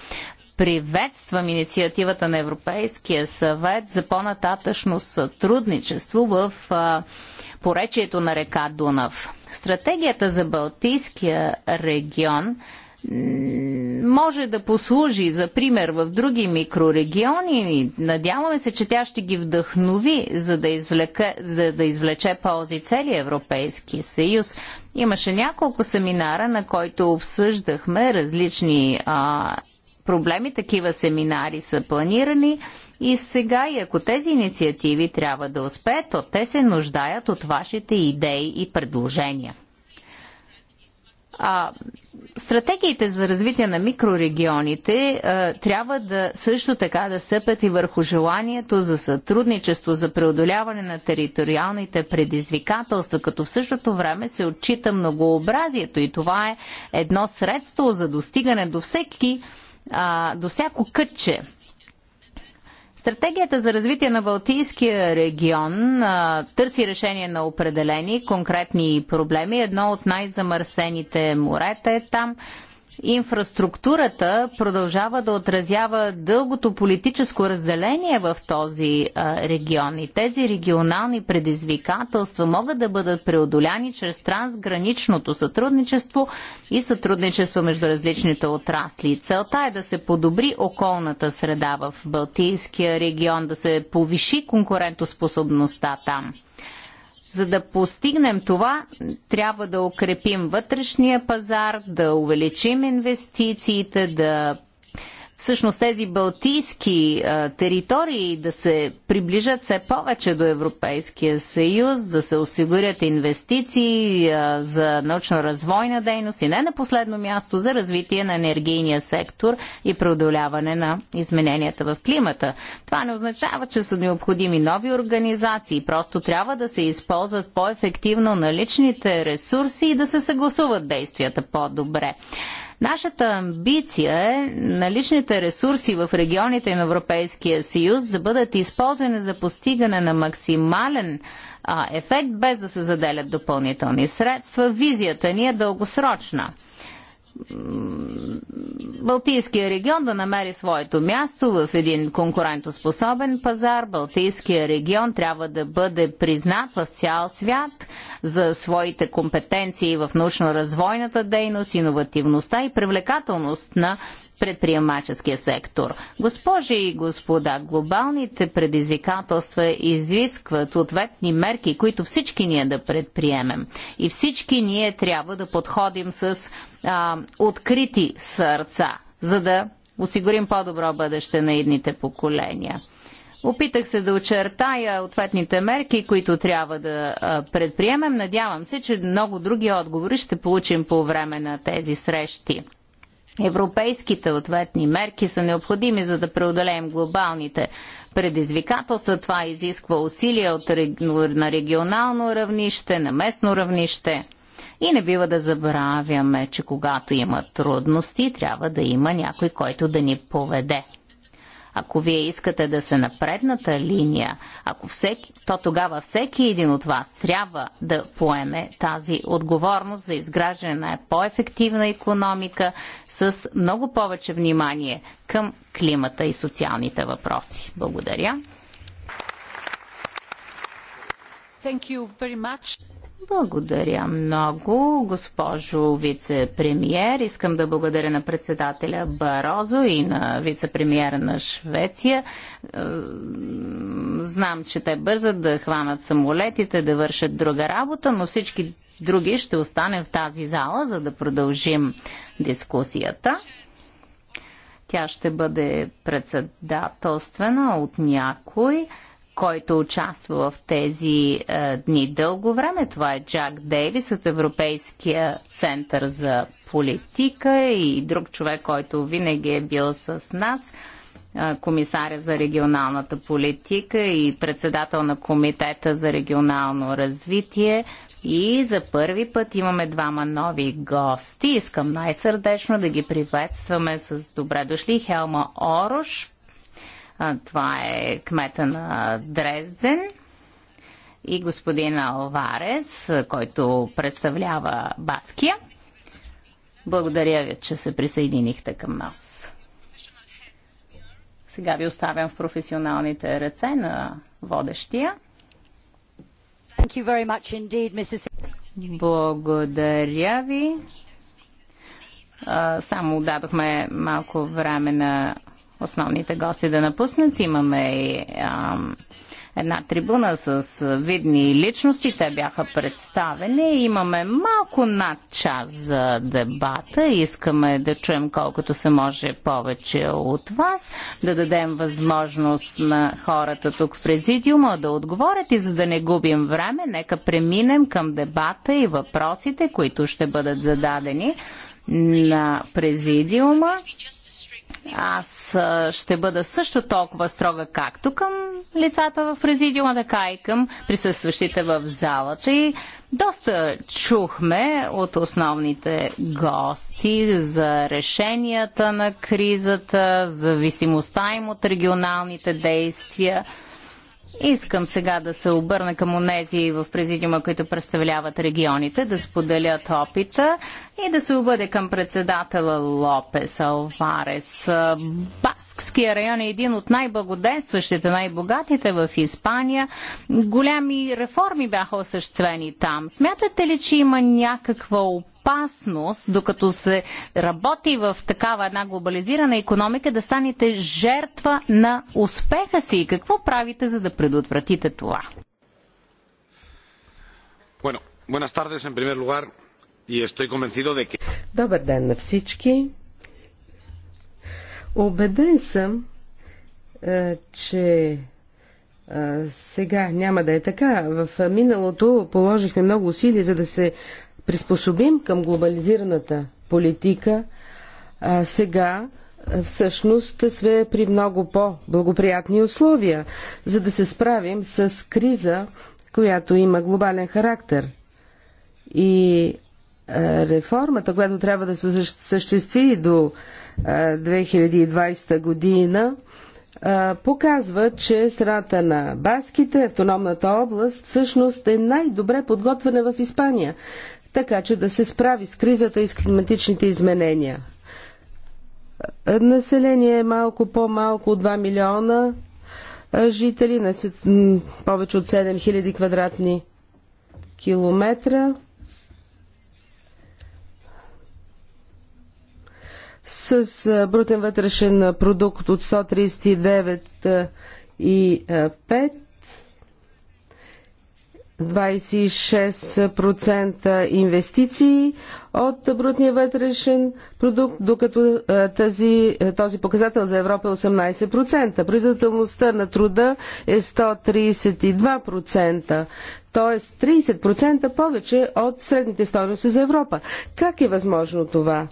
Приветствам инициативата на Европейския съвет за по-нататъчно сътрудничество в а, поречието на река Дунав. Стратегията за Балтийския регион – може да послужи за пример в други микрорегиони. Надяваме се, че тя ще ги вдъхнови, за да, извлека, за да извлече ползи цели Европейски съюз. Имаше няколко семинара, на който обсъждахме различни а, проблеми. Такива семинари са планирани. И сега, и ако тези инициативи трябва да успеят, то те се нуждаят от вашите идеи и предложения. А, стратегиите за развитие на микрорегионите а, трябва да също така да съпят и върху желанието за сътрудничество, за преодоляване на териториалните предизвикателства, като в същото време се отчита многообразието и това е едно средство за достигане до всеки, а, до всяко кътче Стратегията за развитие на Балтийския регион а, търси решение на определени конкретни проблеми. Едно от най-замърсените морета е там инфраструктурата продължава да отразява дългото политическо разделение в този регион и тези регионални предизвикателства могат да бъдат преодоляни чрез трансграничното сътрудничество и сътрудничество между различните отрасли. Целта е да се подобри околната среда в Балтийския регион, да се повиши конкурентоспособността там. За да постигнем това, трябва да укрепим вътрешния пазар, да увеличим инвестициите, да всъщност тези балтийски а, територии да се приближат все повече до Европейския съюз, да се осигурят инвестиции а, за научно-развойна дейност и не на последно място за развитие на енергийния сектор и преодоляване на измененията в климата. Това не означава, че са необходими нови организации, просто трябва да се използват по-ефективно наличните ресурси и да се съгласуват действията по-добре. Нашата амбиция е наличните ресурси в регионите на Европейския съюз да бъдат използвани за постигане на максимален а, ефект, без да се заделят допълнителни средства. Визията ни е дългосрочна Балтийския регион да намери своето място в един конкурентоспособен пазар. Балтийския регион трябва да бъде признат в цял свят за своите компетенции в научно-развойната дейност, иновативността и привлекателност на предприемаческия сектор. Госпожи и господа, глобалните предизвикателства изискват ответни мерки, които всички ние да предприемем. И всички ние трябва да подходим с а, открити сърца, за да осигурим по-добро бъдеще на едните поколения. Опитах се да очертая ответните мерки, които трябва да предприемем. Надявам се, че много други отговори ще получим по време на тези срещи. Европейските ответни мерки са необходими, за да преодолеем глобалните предизвикателства. Това изисква усилия от, на регионално равнище, на местно равнище. И не бива да забравяме, че когато има трудности, трябва да има някой, който да ни поведе. Ако вие искате да се напредната линия, ако всеки, то тогава всеки един от вас трябва да поеме тази отговорност за изграждане на по-ефективна економика с много повече внимание към климата и социалните въпроси. Благодаря. Thank you very much. Благодаря много, госпожо вице-премьер. Искам да благодаря на председателя Барозо и на вице-премьера на Швеция. Е, знам, че те бързат да хванат самолетите, да вършат друга работа, но всички други ще останем в тази зала, за да продължим дискусията. Тя ще бъде председателствена от някой който участва в тези е, дни дълго време. Това е Джак Дейвис от Европейския център за политика и друг човек, който винаги е бил с нас, е, комисаря за регионалната политика и председател на Комитета за регионално развитие. И за първи път имаме двама нови гости. Искам най-сърдечно да ги приветстваме с добре дошли Хелма Орош, това е кмета на Дрезден и господин Алварес, който представлява Баския. Благодаря ви, че се присъединихте към нас. Сега ви оставям в професионалните ръце на водещия. Благодаря ви. Само дадохме малко време на основните гости да напуснат. Имаме и ам, една трибуна с видни личности. Те бяха представени. Имаме малко над час за дебата. Искаме да чуем колкото се може повече от вас, да дадем възможност на хората тук в президиума да отговорят и за да не губим време, нека преминем към дебата и въпросите, които ще бъдат зададени на президиума. Аз ще бъда също толкова строга както към лицата в президиума, така и към присъстващите в залата. И доста чухме от основните гости за решенията на кризата, зависимостта им от регионалните действия. Искам сега да се обърна към онези в президиума, които представляват регионите, да споделят опита и да се обърне към председателя Лопес Алварес. Баскския район е един от най-благоденстващите, най-богатите в Испания. Голями реформи бяха осъществени там. Смятате ли, че има някаква опасност? опасност, докато се работи в такава една глобализирана економика, да станете жертва на успеха си. какво правите, за да предотвратите това? Bueno, buenas tardes en primer lugar y estoy convencido de que... Добър ден на всички. Обеден съм, е, че е, сега няма да е така. В миналото положихме много усилия, за да се приспособим към глобализираната политика, а, сега всъщност сме при много по-благоприятни условия, за да се справим с криза, която има глобален характер. И реформата, която трябва да се съществи до 2020 година, показва, че страната на Баските, автономната област, всъщност е най-добре подготвена в Испания така че да се справи с кризата и с климатичните изменения. Население е малко по-малко от 2 милиона жители, на повече от 7000 квадратни километра. С брутен вътрешен продукт от 139 и 5 26% инвестиции от брутния вътрешен продукт, докато тази, този показател за Европа е 18%. Производителността на труда е 132%, т.е. 30% повече от средните стоености за Европа. Как е възможно това?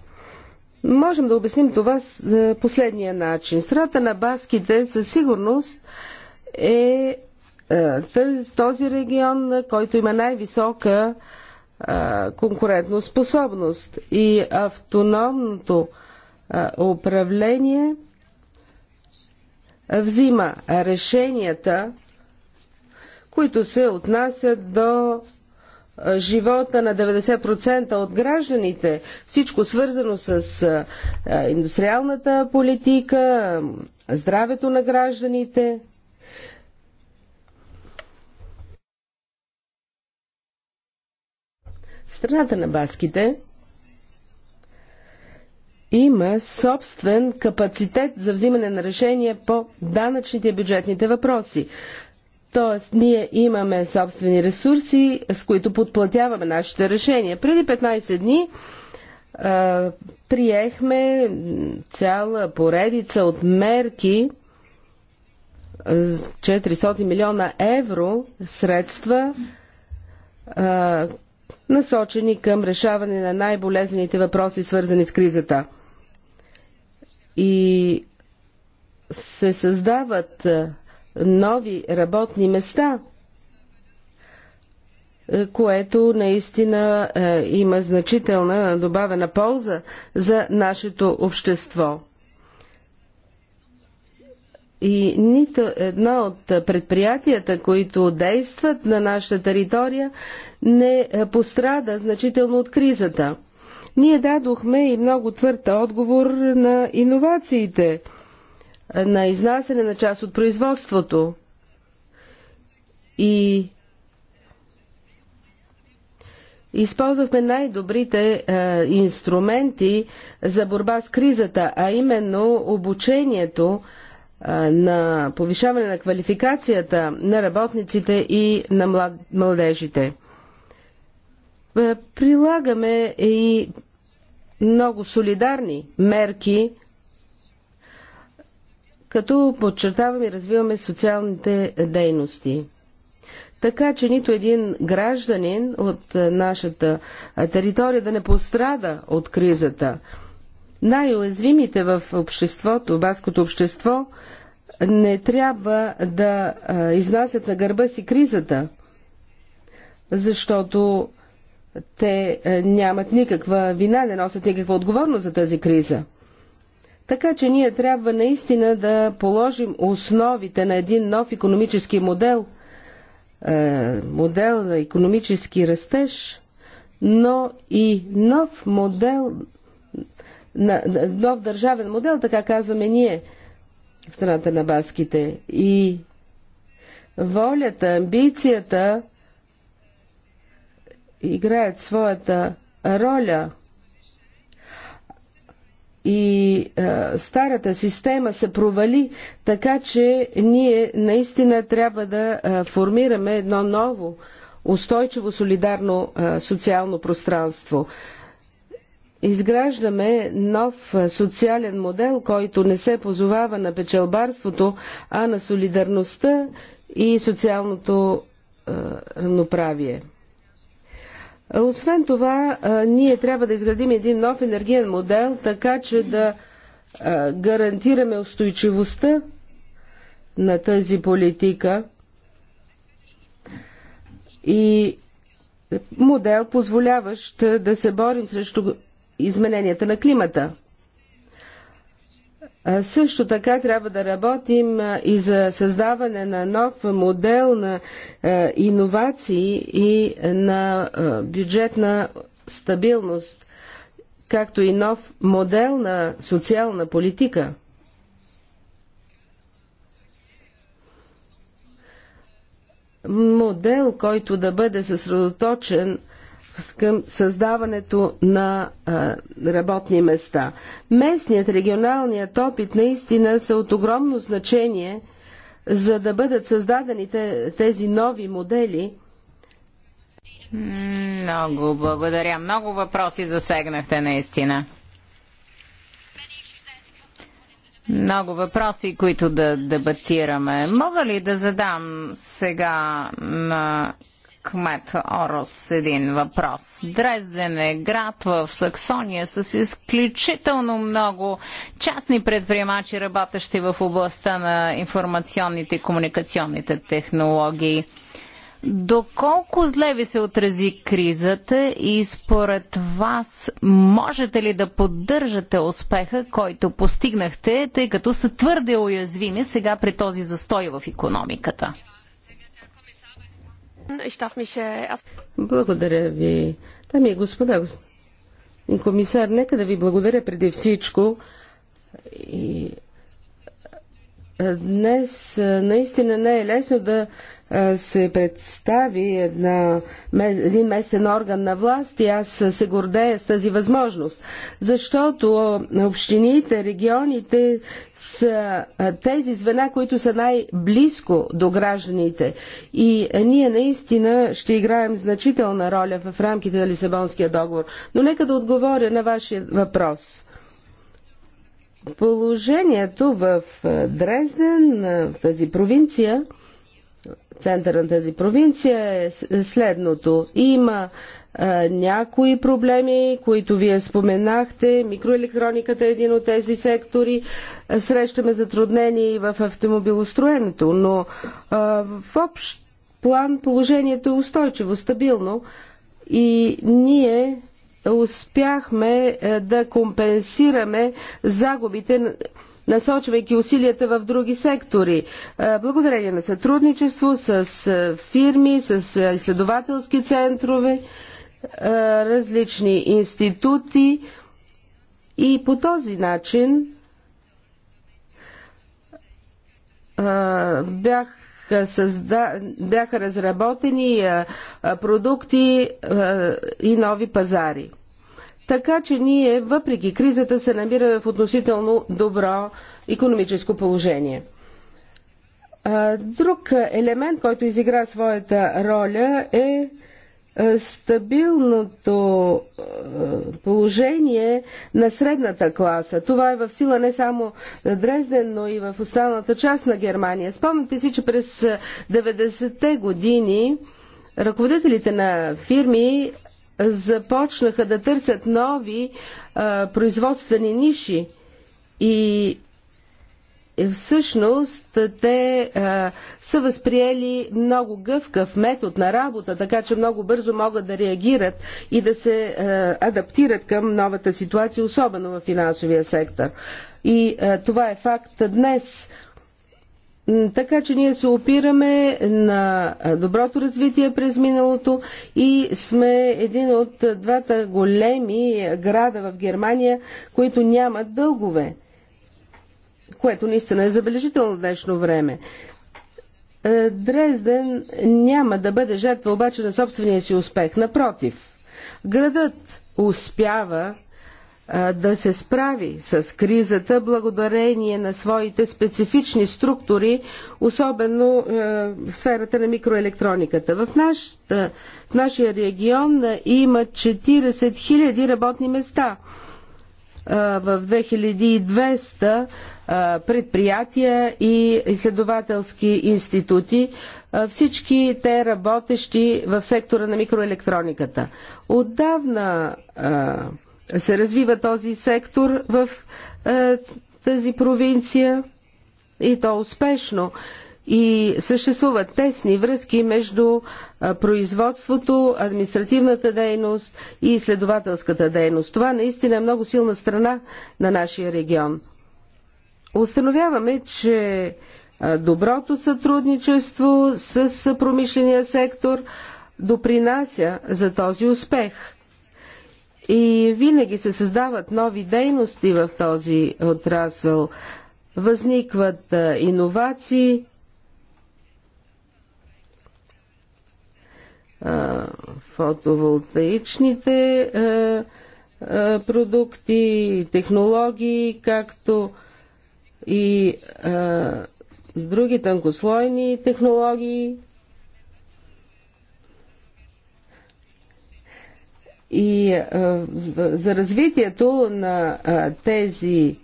Можем да обясним това с последния начин. Страта на баските със сигурност е е, този регион, който има най-висока е, конкурентоспособност и автономното е, управление взима решенията, които се отнасят до живота на 90% от гражданите, всичко свързано с индустриалната политика, здравето на гражданите – Страната на баските има собствен капацитет за взимане на решения по данъчните и бюджетните въпроси. Тоест, ние имаме собствени ресурси, с които подплатяваме нашите решения. Преди 15 дни а, приехме цяла поредица от мерки 400 милиона евро средства, а, насочени към решаване на най-болезнените въпроси, свързани с кризата. И се създават е, нови работни места, е, което наистина е, има значителна добавена полза за нашето общество. И нито едно от предприятията, които действат на нашата територия, не е, пострада значително от кризата. Ние дадохме и много твърд отговор на иновациите, е, на изнасяне на част от производството. И използвахме най-добрите е, инструменти за борба с кризата, а именно обучението на повишаване на квалификацията на работниците и на млад... младежите. Е, прилагаме и много солидарни мерки, като подчертаваме и развиваме социалните дейности. Така че нито един гражданин от нашата територия да не пострада от кризата най-уязвимите в обществото, баското общество, не трябва да изнасят на гърба си кризата, защото те нямат никаква вина, не носят никаква отговорност за тази криза. Така че ние трябва наистина да положим основите на един нов економически модел, е, модел на економически растеж, но и нов модел на нов държавен модел, така казваме ние в страната на баските. И волята, амбицията играят своята роля. И а, старата система се провали, така че ние наистина трябва да а, формираме едно ново, устойчиво, солидарно а, социално пространство. А, изграждаме нов социален модел, който не се позовава на печелбарството, а на солидарността и социалното е, равноправие. Освен това, е, ние трябва да изградим един нов енергиен модел, така че да е, гарантираме устойчивостта на тази политика и модел, позволяващ да се борим срещу измененията на климата. Също така трябва да работим и за създаване на нов модел на иновации и на бюджетна стабилност, както и нов модел на социална политика. Модел, който да бъде съсредоточен – към създаването на а, работни места. Местният, регионалният опит наистина са от огромно значение, за да бъдат създадени тези нови модели. Много благодаря. Много въпроси засегнахте наистина. Много въпроси, които да дебатираме. Мога ли да задам сега на кмет Орос един въпрос. Дрезден е град в Саксония с изключително много частни предприемачи, работещи в областта на информационните и комуникационните технологии. Доколко зле ви се отрази кризата и според вас можете ли да поддържате успеха, който постигнахте, тъй като сте твърде уязвими сега при този застой в економиката? Äh, благодаря ви. Дами и господа, господин комисар, нека да ви благодаря преди всичко. И днес наистина не е лесно да се представи една, един местен орган на власт и аз се гордея с тази възможност, защото общините, регионите са тези звена, които са най-близко до гражданите и ние наистина ще играем значителна роля в рамките на Лисабонския договор. Но нека да отговоря на вашия въпрос. Положението в Дрезден, в тази провинция, Центъра на тази провинция е следното. Има а, някои проблеми, които вие споменахте. Микроелектрониката е един от тези сектори. А, срещаме затруднения и в автомобилостроенето, но а, в общ план положението е устойчиво, стабилно и ние успяхме да компенсираме загубите насочвайки усилията в други сектори. Е, благодарение на сътрудничество с е, фирми, с е, изследователски центрове, различни институти и по този начин бях създа... бяха разработени продукти и нови пазари. Така че ние, въпреки кризата, се намираме в относително добро економическо положение. Друг елемент, който изигра своята роля е стабилното положение на средната класа. Това е в сила не само Дрезден, но и в останалата част на Германия. Спомните си, че през 90-те години ръководителите на фирми започнаха да търсят нови а, производствени ниши и всъщност те а, са възприели много гъвкав метод на работа, така че много бързо могат да реагират и да се а, адаптират към новата ситуация, особено в финансовия сектор. И а, това е факт днес. Така че ние се опираме на доброто развитие през миналото и сме един от двата големи града в Германия, които нямат дългове, което наистина е забележително в днешно време. Е, Дрезден няма да бъде жертва обаче на собствения си успех. Напротив, градът успява да се справи с кризата благодарение на своите специфични структури, особено в сферата на микроелектрониката. В, нашата, в нашия регион има 40 000 работни места в 2200 предприятия и изследователски институти, всички те работещи в сектора на микроелектрониката. Отдавна се развива този сектор в е, тази провинция и то успешно. И съществуват тесни връзки между е, производството, административната дейност и изследователската дейност. Това наистина е много силна страна на нашия регион. Установяваме, че е, доброто сътрудничество с промишления сектор допринася за този успех – и винаги се създават нови дейности в този отрасъл. Възникват иновации, фотоволтаичните продукти, технологии, както и други тънкослойни технологии, И е, за развитието на е, тези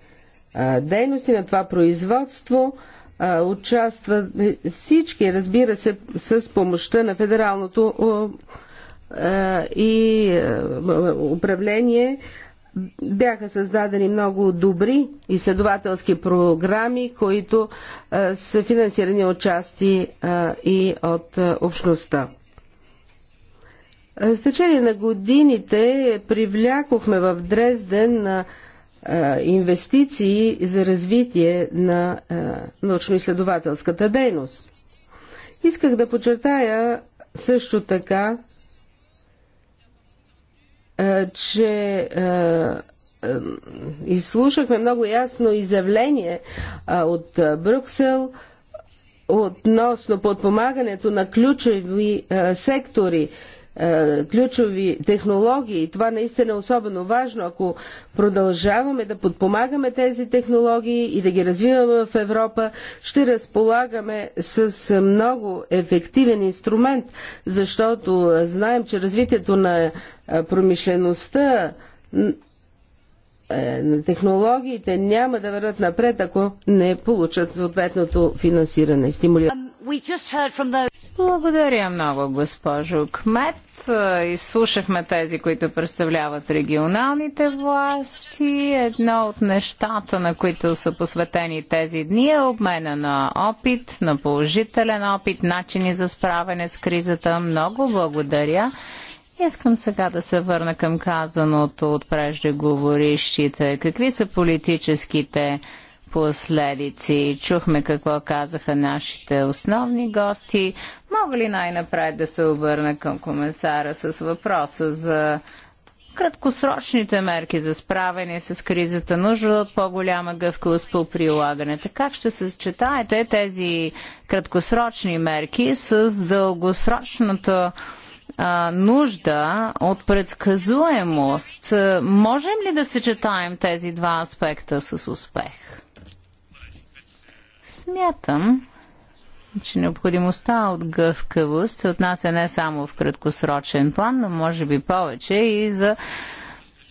е, дейности, на това производство, участват всички, разбира се, с помощта на федералното и управление бяха създадени много добри изследователски програми, които са финансирани от части и от общността. С течение на годините привлякохме в Дрезден на инвестиции за развитие на научно-изследователската дейност. Исках да подчертая също така, че изслушахме много ясно изявление от Брюксел относно подпомагането на ключови сектори е, ключови технологии. Това наистина е особено важно. Ако продължаваме да подпомагаме тези технологии и да ги развиваме в Европа, ще разполагаме с много ефективен инструмент, защото знаем, че развитието на е, промишлеността е, на технологиите няма да върват напред, ако не получат съответното финансиране и стимулиране. Um, благодаря много, госпожо Кмет. Е, изслушахме тези, които представляват регионалните власти. Едно от нещата, на които са посветени тези дни е обмена на опит, на положителен опит, начини за справяне с кризата. Много благодаря. Искам сега да се върна към казаното от преждеговорищите. Какви са политическите последици. Чухме какво казаха нашите основни гости. Мога ли най-напред да се обърна към комесара с въпроса за краткосрочните мерки за справяне с кризата, нужда от по-голяма гъвкавост по прилагането. Как ще съчетаете тези краткосрочни мерки с дългосрочното а, нужда от предсказуемост. Можем ли да съчетаем тези два аспекта с успех? Смятам, че необходимостта от гъвкавост се отнася не само в краткосрочен план, но може би повече и за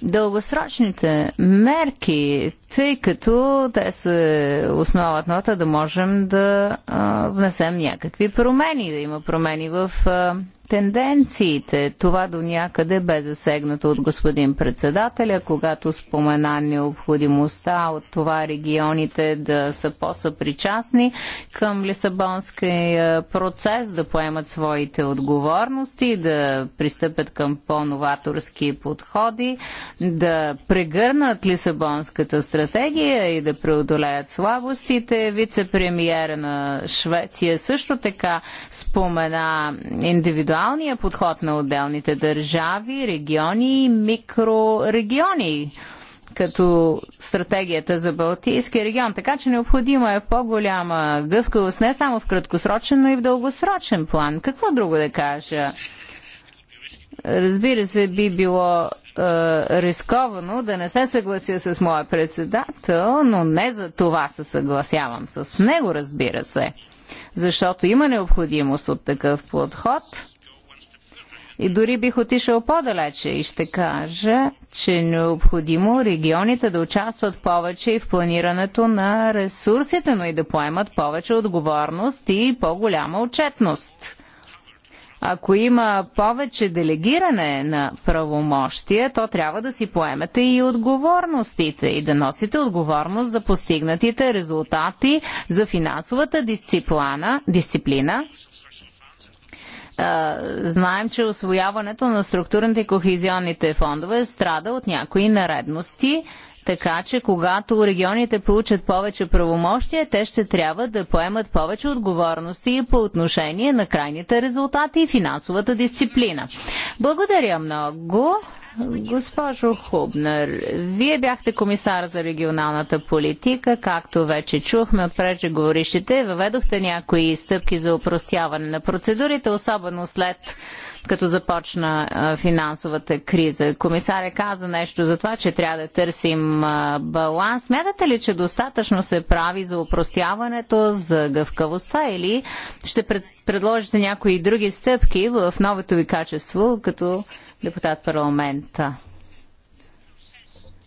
дългосрочните мерки, тъй като те се основат нота да можем да а, внесем някакви промени, да има промени в а, тенденциите. Това до някъде бе засегнато от господин председателя, когато спомена необходимостта от това регионите да са по-съпричастни към Лисабонския е, процес, да поемат своите отговорности, да пристъпят към по-новаторски подходи, да прегърнат Лисабонската стратегия и да преодолеят слабостите. Вице-премьера на Швеция също така спомена индивидуално индивидуалния подход на отделните държави, региони и микрорегиони като стратегията за Балтийския регион. Така че необходима е по-голяма гъвкавост не само в краткосрочен, но и в дългосрочен план. Какво друго да кажа? Разбира се, би било е, рисковано да не се съглася с моя председател, но не за това се съгласявам с него, разбира се. Защото има необходимост от такъв подход и дори бих отишъл по-далече и ще кажа, че е необходимо регионите да участват повече и в планирането на ресурсите, но и да поемат повече отговорност и по-голяма отчетност. Ако има повече делегиране на правомощия, то трябва да си поемете и отговорностите и да носите отговорност за постигнатите резултати за финансовата дисциплина, дисциплина знаем, че освояването на структурните и кохезионните фондове страда от някои наредности, така че когато регионите получат повече правомощия, те ще трябва да поемат повече отговорности по отношение на крайните резултати и финансовата дисциплина. Благодаря много. Госпожо Хубнер, вие бяхте комисар за регионалната политика, както вече чухме от преждеговорищите, въведохте някои стъпки за упростяване на процедурите, особено след като започна финансовата криза. Комисаря е каза нещо за това, че трябва да търсим баланс. Смятате ли, че достатъчно се прави за упростяването, за гъвкавостта или ще пред, предложите някои други стъпки в новото ви качество като депутат парламента.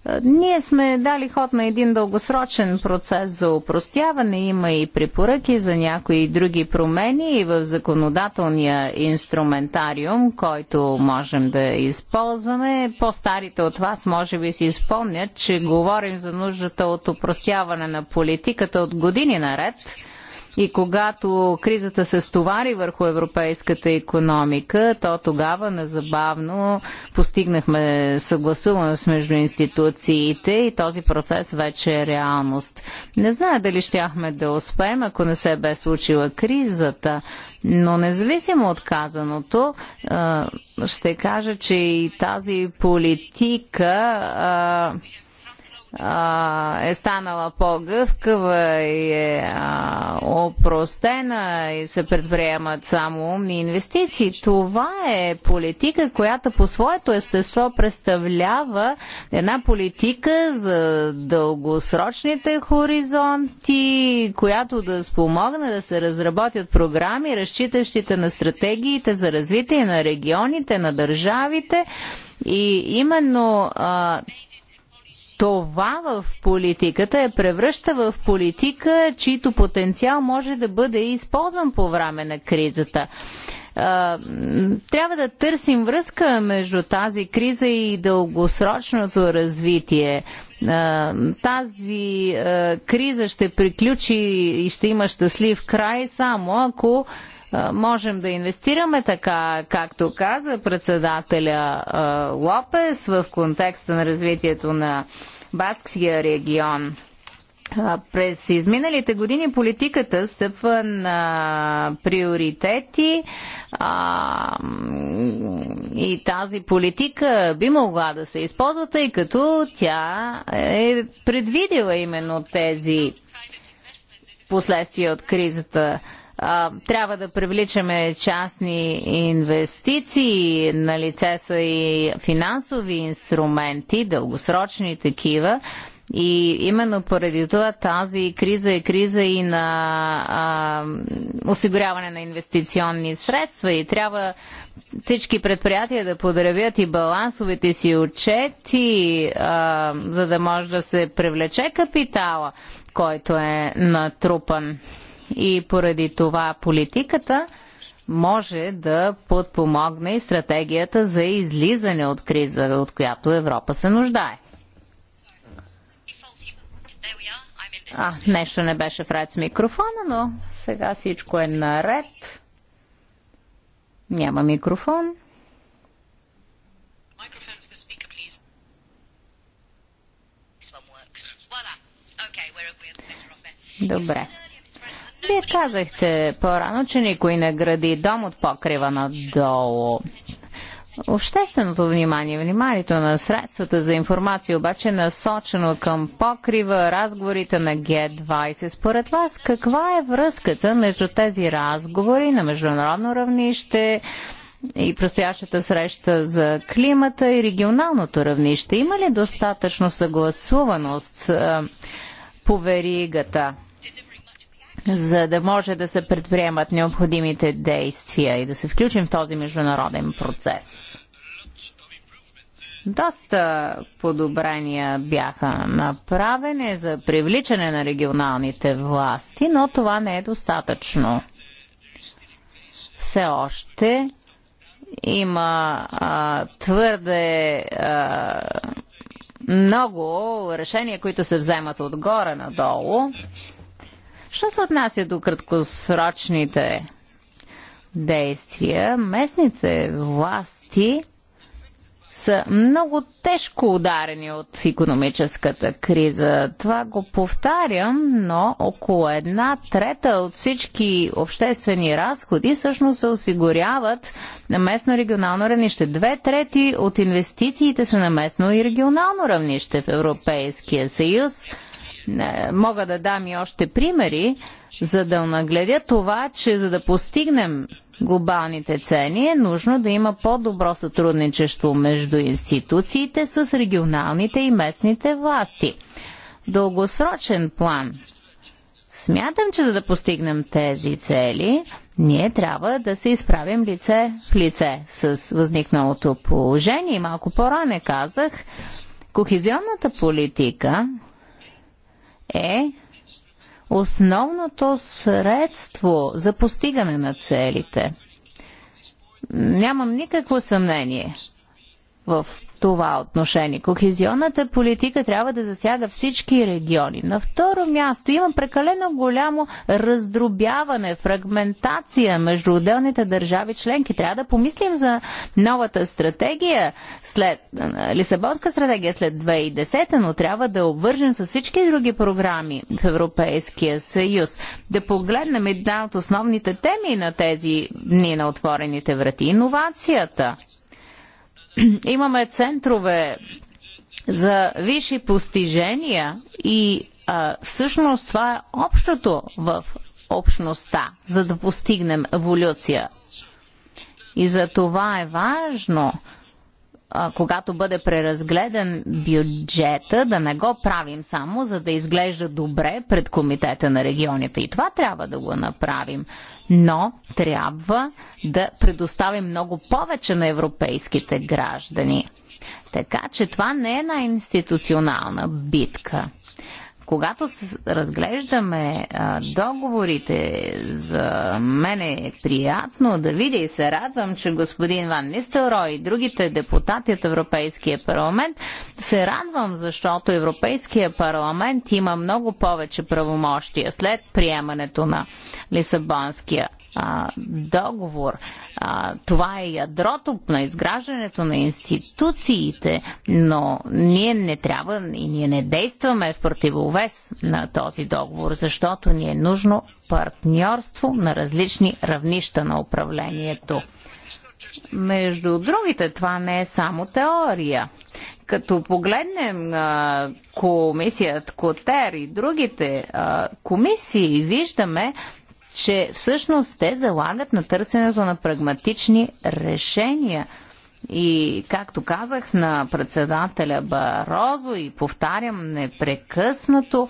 Е, ние сме дали ход на един дългосрочен процес за упростяване. Има и препоръки за някои други промени и в законодателния инструментариум, който можем да използваме. По-старите от вас може би си изпълнят, че говорим за нуждата от упростяване на политиката от години наред и когато кризата се стовари върху европейската економика, то тогава незабавно постигнахме съгласуваност между институциите и този процес вече е реалност. Не зная дали щяхме да успеем, ако не се бе случила кризата, но независимо от казаното, ще кажа, че и тази политика е станала по-гъвкава и е опростена и се предприемат само умни инвестиции. Това е политика, която по своето естество представлява една политика за дългосрочните хоризонти, която да спомогне да се разработят програми, разчитащите на стратегиите за развитие на регионите, на държавите. И именно а, това в политиката я е превръща в политика, чийто потенциал може да бъде използван по време на кризата трябва да търсим връзка между тази криза и дългосрочното развитие. Тази криза ще приключи и ще има щастлив край само ако можем да инвестираме така, както каза председателя Лопес в контекста на развитието на Баскския регион. През изминалите години политиката стъпва на приоритети а, и тази политика би могла да се използва, тъй като тя е предвидила именно тези последствия от кризата а, трябва да привличаме частни инвестиции, на лице са и финансови инструменти, дългосрочни такива. И именно поради това тази криза е криза и на а, осигуряване на инвестиционни средства и трябва всички предприятия да подравят и балансовите си отчети, а, за да може да се привлече капитала, който е натрупан и поради това политиката може да подпомогне и стратегията за излизане от криза, от която Европа се нуждае. А, нещо не беше ред с микрофона, но сега всичко е наред. Няма микрофон. Добре. Вие казахте по-рано, че никой не гради дом от покрива надолу. Общественото внимание, вниманието на средствата за информация обаче е насочено към покрива разговорите на Г-20. Според вас каква е връзката между тези разговори на международно равнище и предстоящата среща за климата и регионалното равнище? Има ли достатъчно съгласуваност по веригата? за да може да се предприемат необходимите действия и да се включим в този международен процес. Доста подобрения бяха направени за привличане на регионалните власти, но това не е достатъчно. Все още има а, твърде а, много решения, които се вземат отгоре надолу Що се отнася до краткосрочните действия, местните власти са много тежко ударени от економическата криза. Това го повтарям, но около една трета от всички обществени разходи всъщност се осигуряват на местно-регионално равнище. Две трети от инвестициите са на местно и регионално равнище в Европейския съюз мога да дам и още примери, за да нагледя това, че за да постигнем глобалните цени е нужно да има по-добро сътрудничество между институциите с регионалните и местните власти. Дългосрочен план. Смятам, че за да постигнем тези цели, ние трябва да се изправим лице в лице с възникналото положение. Малко по-ране казах, кохезионната политика е основното средство за постигане на целите. Нямам никакво съмнение в това отношение. Кохезионната политика трябва да засяга всички региони. На второ място има прекалено голямо раздробяване, фрагментация между отделните държави членки. Трябва да помислим за новата стратегия след е, Лисабонска стратегия след 2010, но трябва да обвържем с всички други програми в Европейския съюз. Да погледнем една от основните теми на тези дни на отворените врати. Иновацията – <clears throat> имаме центрове за висши постижения и а, всъщност това е общото в общността, за да постигнем еволюция. И за това е важно когато бъде преразгледан бюджета, да не го правим само за да изглежда добре пред Комитета на регионите. И това трябва да го направим. Но трябва да предоставим много повече на европейските граждани. Така че това не е една институционална битка. Когато разглеждаме а, договорите, за мен е приятно да видя и се радвам, че господин Ван Нистелро и другите депутати от Европейския парламент се радвам, защото Европейския парламент има много повече правомощия след приемането на Лисабонския а, договор. А, това е ядрото на изграждането на институциите, но ние не трябва и ние не действаме в противовес на този договор, защото ни е нужно партньорство на различни равнища на управлението. Между другите, това не е само теория. Като погледнем а, комисият Котер и другите а, комисии, виждаме, че всъщност те залагат на търсенето на прагматични решения. И, както казах на председателя Барозо и повтарям непрекъснато,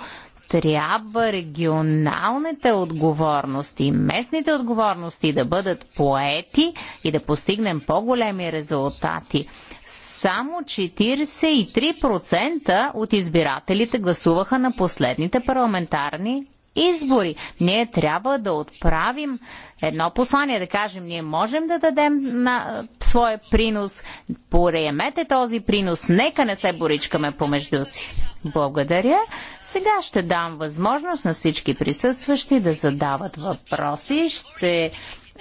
трябва регионалните отговорности, местните отговорности да бъдат поети и да постигнем по-големи резултати. Само 43% от избирателите гласуваха на последните парламентарни избори. Ние трябва да отправим едно послание, да кажем, ние можем да дадем на своя принос, пориемете този принос, нека не се боричкаме помежду си. Благодаря. Сега ще дам възможност на всички присъстващи да задават въпроси. Ще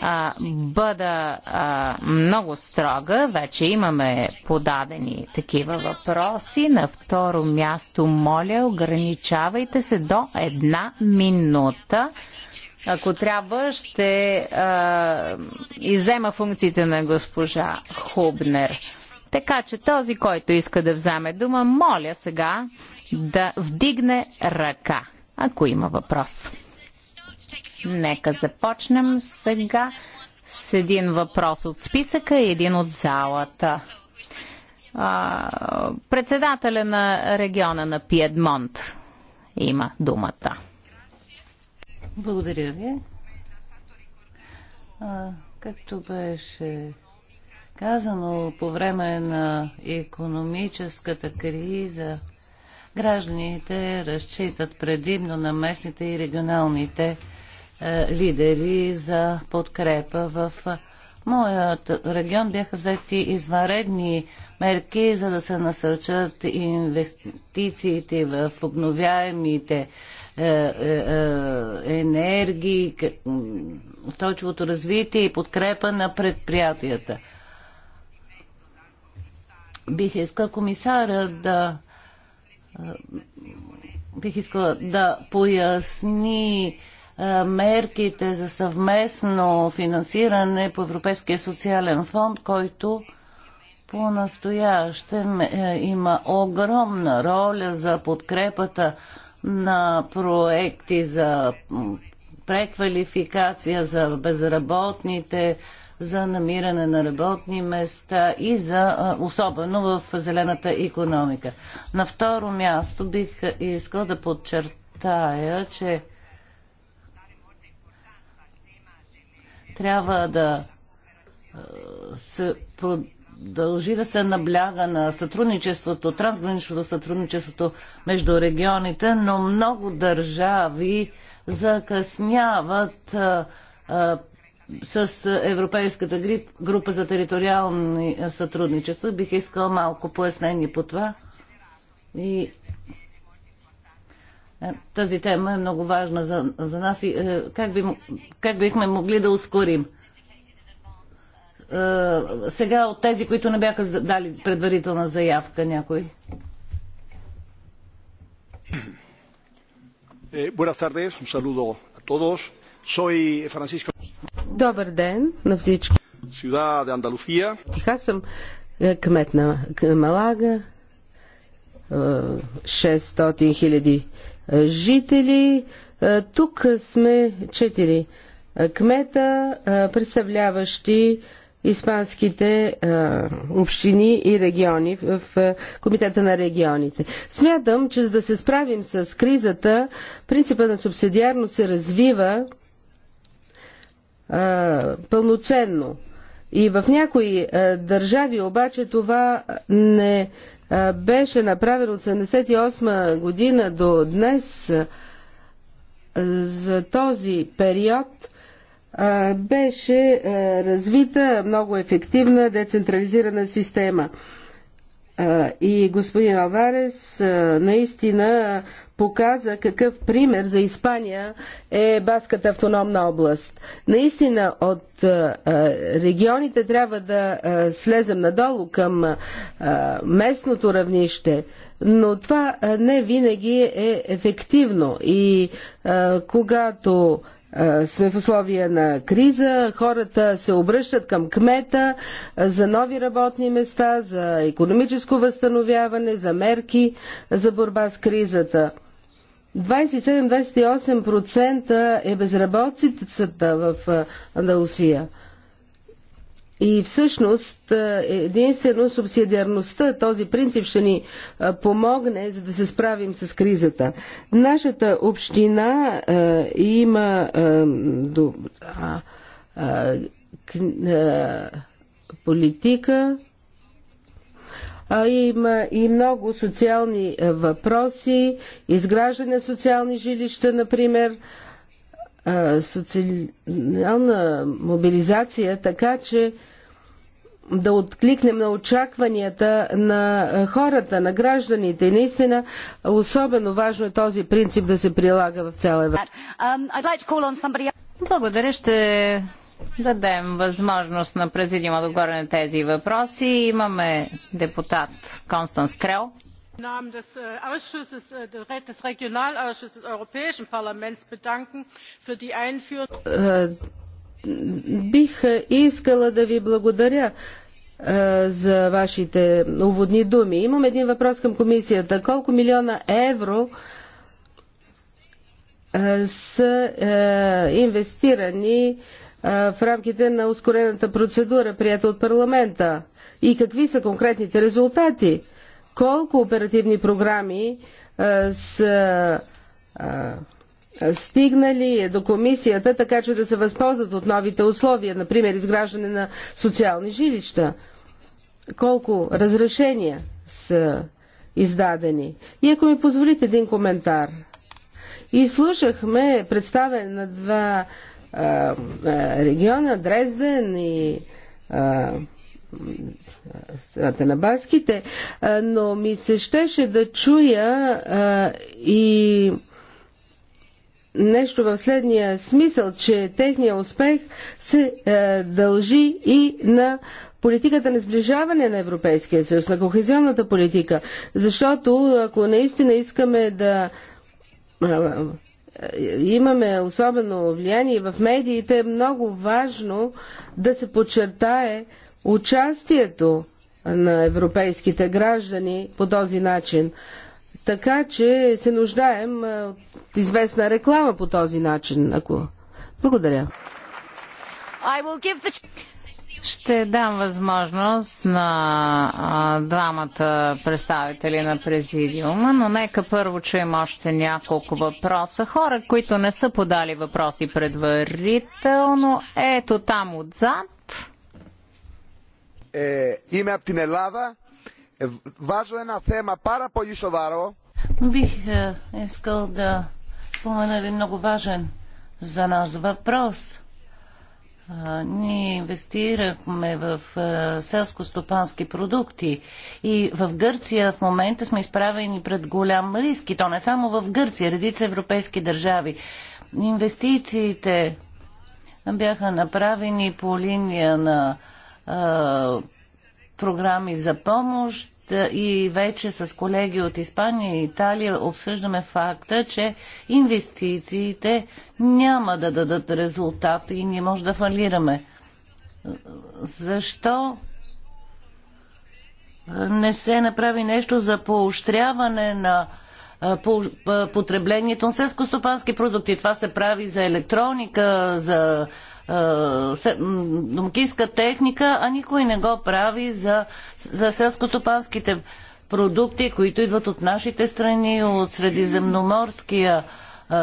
а, бъда а, много строга. Вече имаме подадени такива въпроси. На второ място, моля, ограничавайте се до една минута. Ако трябва, ще а, изема функциите на госпожа Хубнер. Така че този, който иска да вземе дума, моля сега да вдигне ръка, ако има въпрос. Нека започнем сега с един въпрос от списъка и един от залата. А, председателя на региона на Пиедмонт има думата. Благодаря ви. А, както беше казано по време на економическата криза, гражданите разчитат предимно на местните и регионалните е, лидери за подкрепа. В е, моят регион бяха взети извънредни мерки, за да се насърчат инвестициите в обновяемите е, енергии, устойчивото развитие и подкрепа на предприятията. Бих искал комисара да бих искала да поясни мерките за съвместно финансиране по Европейския социален фонд, който по настоящен е, има огромна роля за подкрепата на проекти за преквалификация за безработните, за намиране на работни места и за, особено в зелената економика. На второ място бих искал да подчертая, че Трябва да се продължи да се набляга на сътрудничеството, трансграничното сътрудничеството между регионите, но много държави закъсняват с Европейската група за териториални сътрудничество. Бих искал малко пояснение по това. И е, тази тема е много важна за, за нас и е, как, би, как бихме могли да ускорим. Е, сега от тези, които не бяха дали предварителна заявка някой. Добър ден на всички. Тиха съм кмет на Малага. 600 хиляди жители. Тук сме четири кмета, представляващи испанските общини и региони в, Комитета на регионите. Смятам, че за да се справим с кризата, принципа на субсидиарност се развива пълноценно. И в някои държави обаче това не беше направен от 1978 година до днес, за този период беше развита много ефективна децентрализирана система. И господин Алварес наистина показа какъв пример за Испания е Баската автономна област. Наистина от регионите трябва да слезем надолу към местното равнище, но това не винаги е ефективно. И когато сме в условия на криза, хората се обръщат към кмета за нови работни места, за економическо възстановяване, за мерки за борба с кризата. 27-28% е безработицата в Андалусия. И всъщност е, единствено субсидиарността, този принцип ще ни е, помогне, за да се справим с кризата. Нашата община е, има е, до, е, политика, има и много социални въпроси, изграждане на социални жилища, например социална мобилизация, така че да откликнем на очакванията на хората, на гражданите. И наистина особено важно е този принцип да се прилага в цяла Европа. Um, благодаря. Ще дадем възможност на президима да отговори на тези въпроси. Имаме депутат Констанс Крел. Бих искала да ви благодаря е, за вашите уводни думи. Имам един въпрос към комисията. Колко милиона евро е, са е, инвестирани в рамките на ускорената процедура, прията от парламента? И какви са конкретните резултати? Колко оперативни програми са стигнали до комисията, така че да се възползват от новите условия, например изграждане на социални жилища? колко разрешения са издадени. И ако ми позволите един коментар. И слушахме представен на два а, а, региона, Дрезден и а, страната на баските, но ми се щеше да чуя а, и нещо в следния смисъл, че техния успех се а, дължи и на политиката на сближаване на Европейския съюз, на кохезионната политика. Защото ако наистина искаме да имаме особено влияние в медиите, е много важно да се подчертае участието на европейските граждани по този начин. Така че се нуждаем от известна реклама по този начин. Ако... Благодаря. The... Ще дам възможност на а, двамата представители на президиума, но нека първо чуем още няколко въпроса. Хора, които не са подали въпроси предварително, ето там отзад. Е, име от Тинелава. Е, важно е на тема, пара по σοβαρό. Бих е, искал да спомена един много важен за нас въпрос – ние инвестирахме в селско-стопански продукти и в Гърция в момента сме изправени пред голям риск и то не само в Гърция, редица европейски държави. Инвестициите бяха направени по линия на а, програми за помощ и вече с колеги от Испания и Италия обсъждаме факта, че инвестициите няма да дадат резултат и ние може да фалираме. Защо не се направи нещо за поощряване на потреблението на сънско-стопански продукти. Това се прави за електроника, за домкинска техника, а никой не го прави за, за селскостопанските продукти, които идват от нашите страни, от Средиземноморския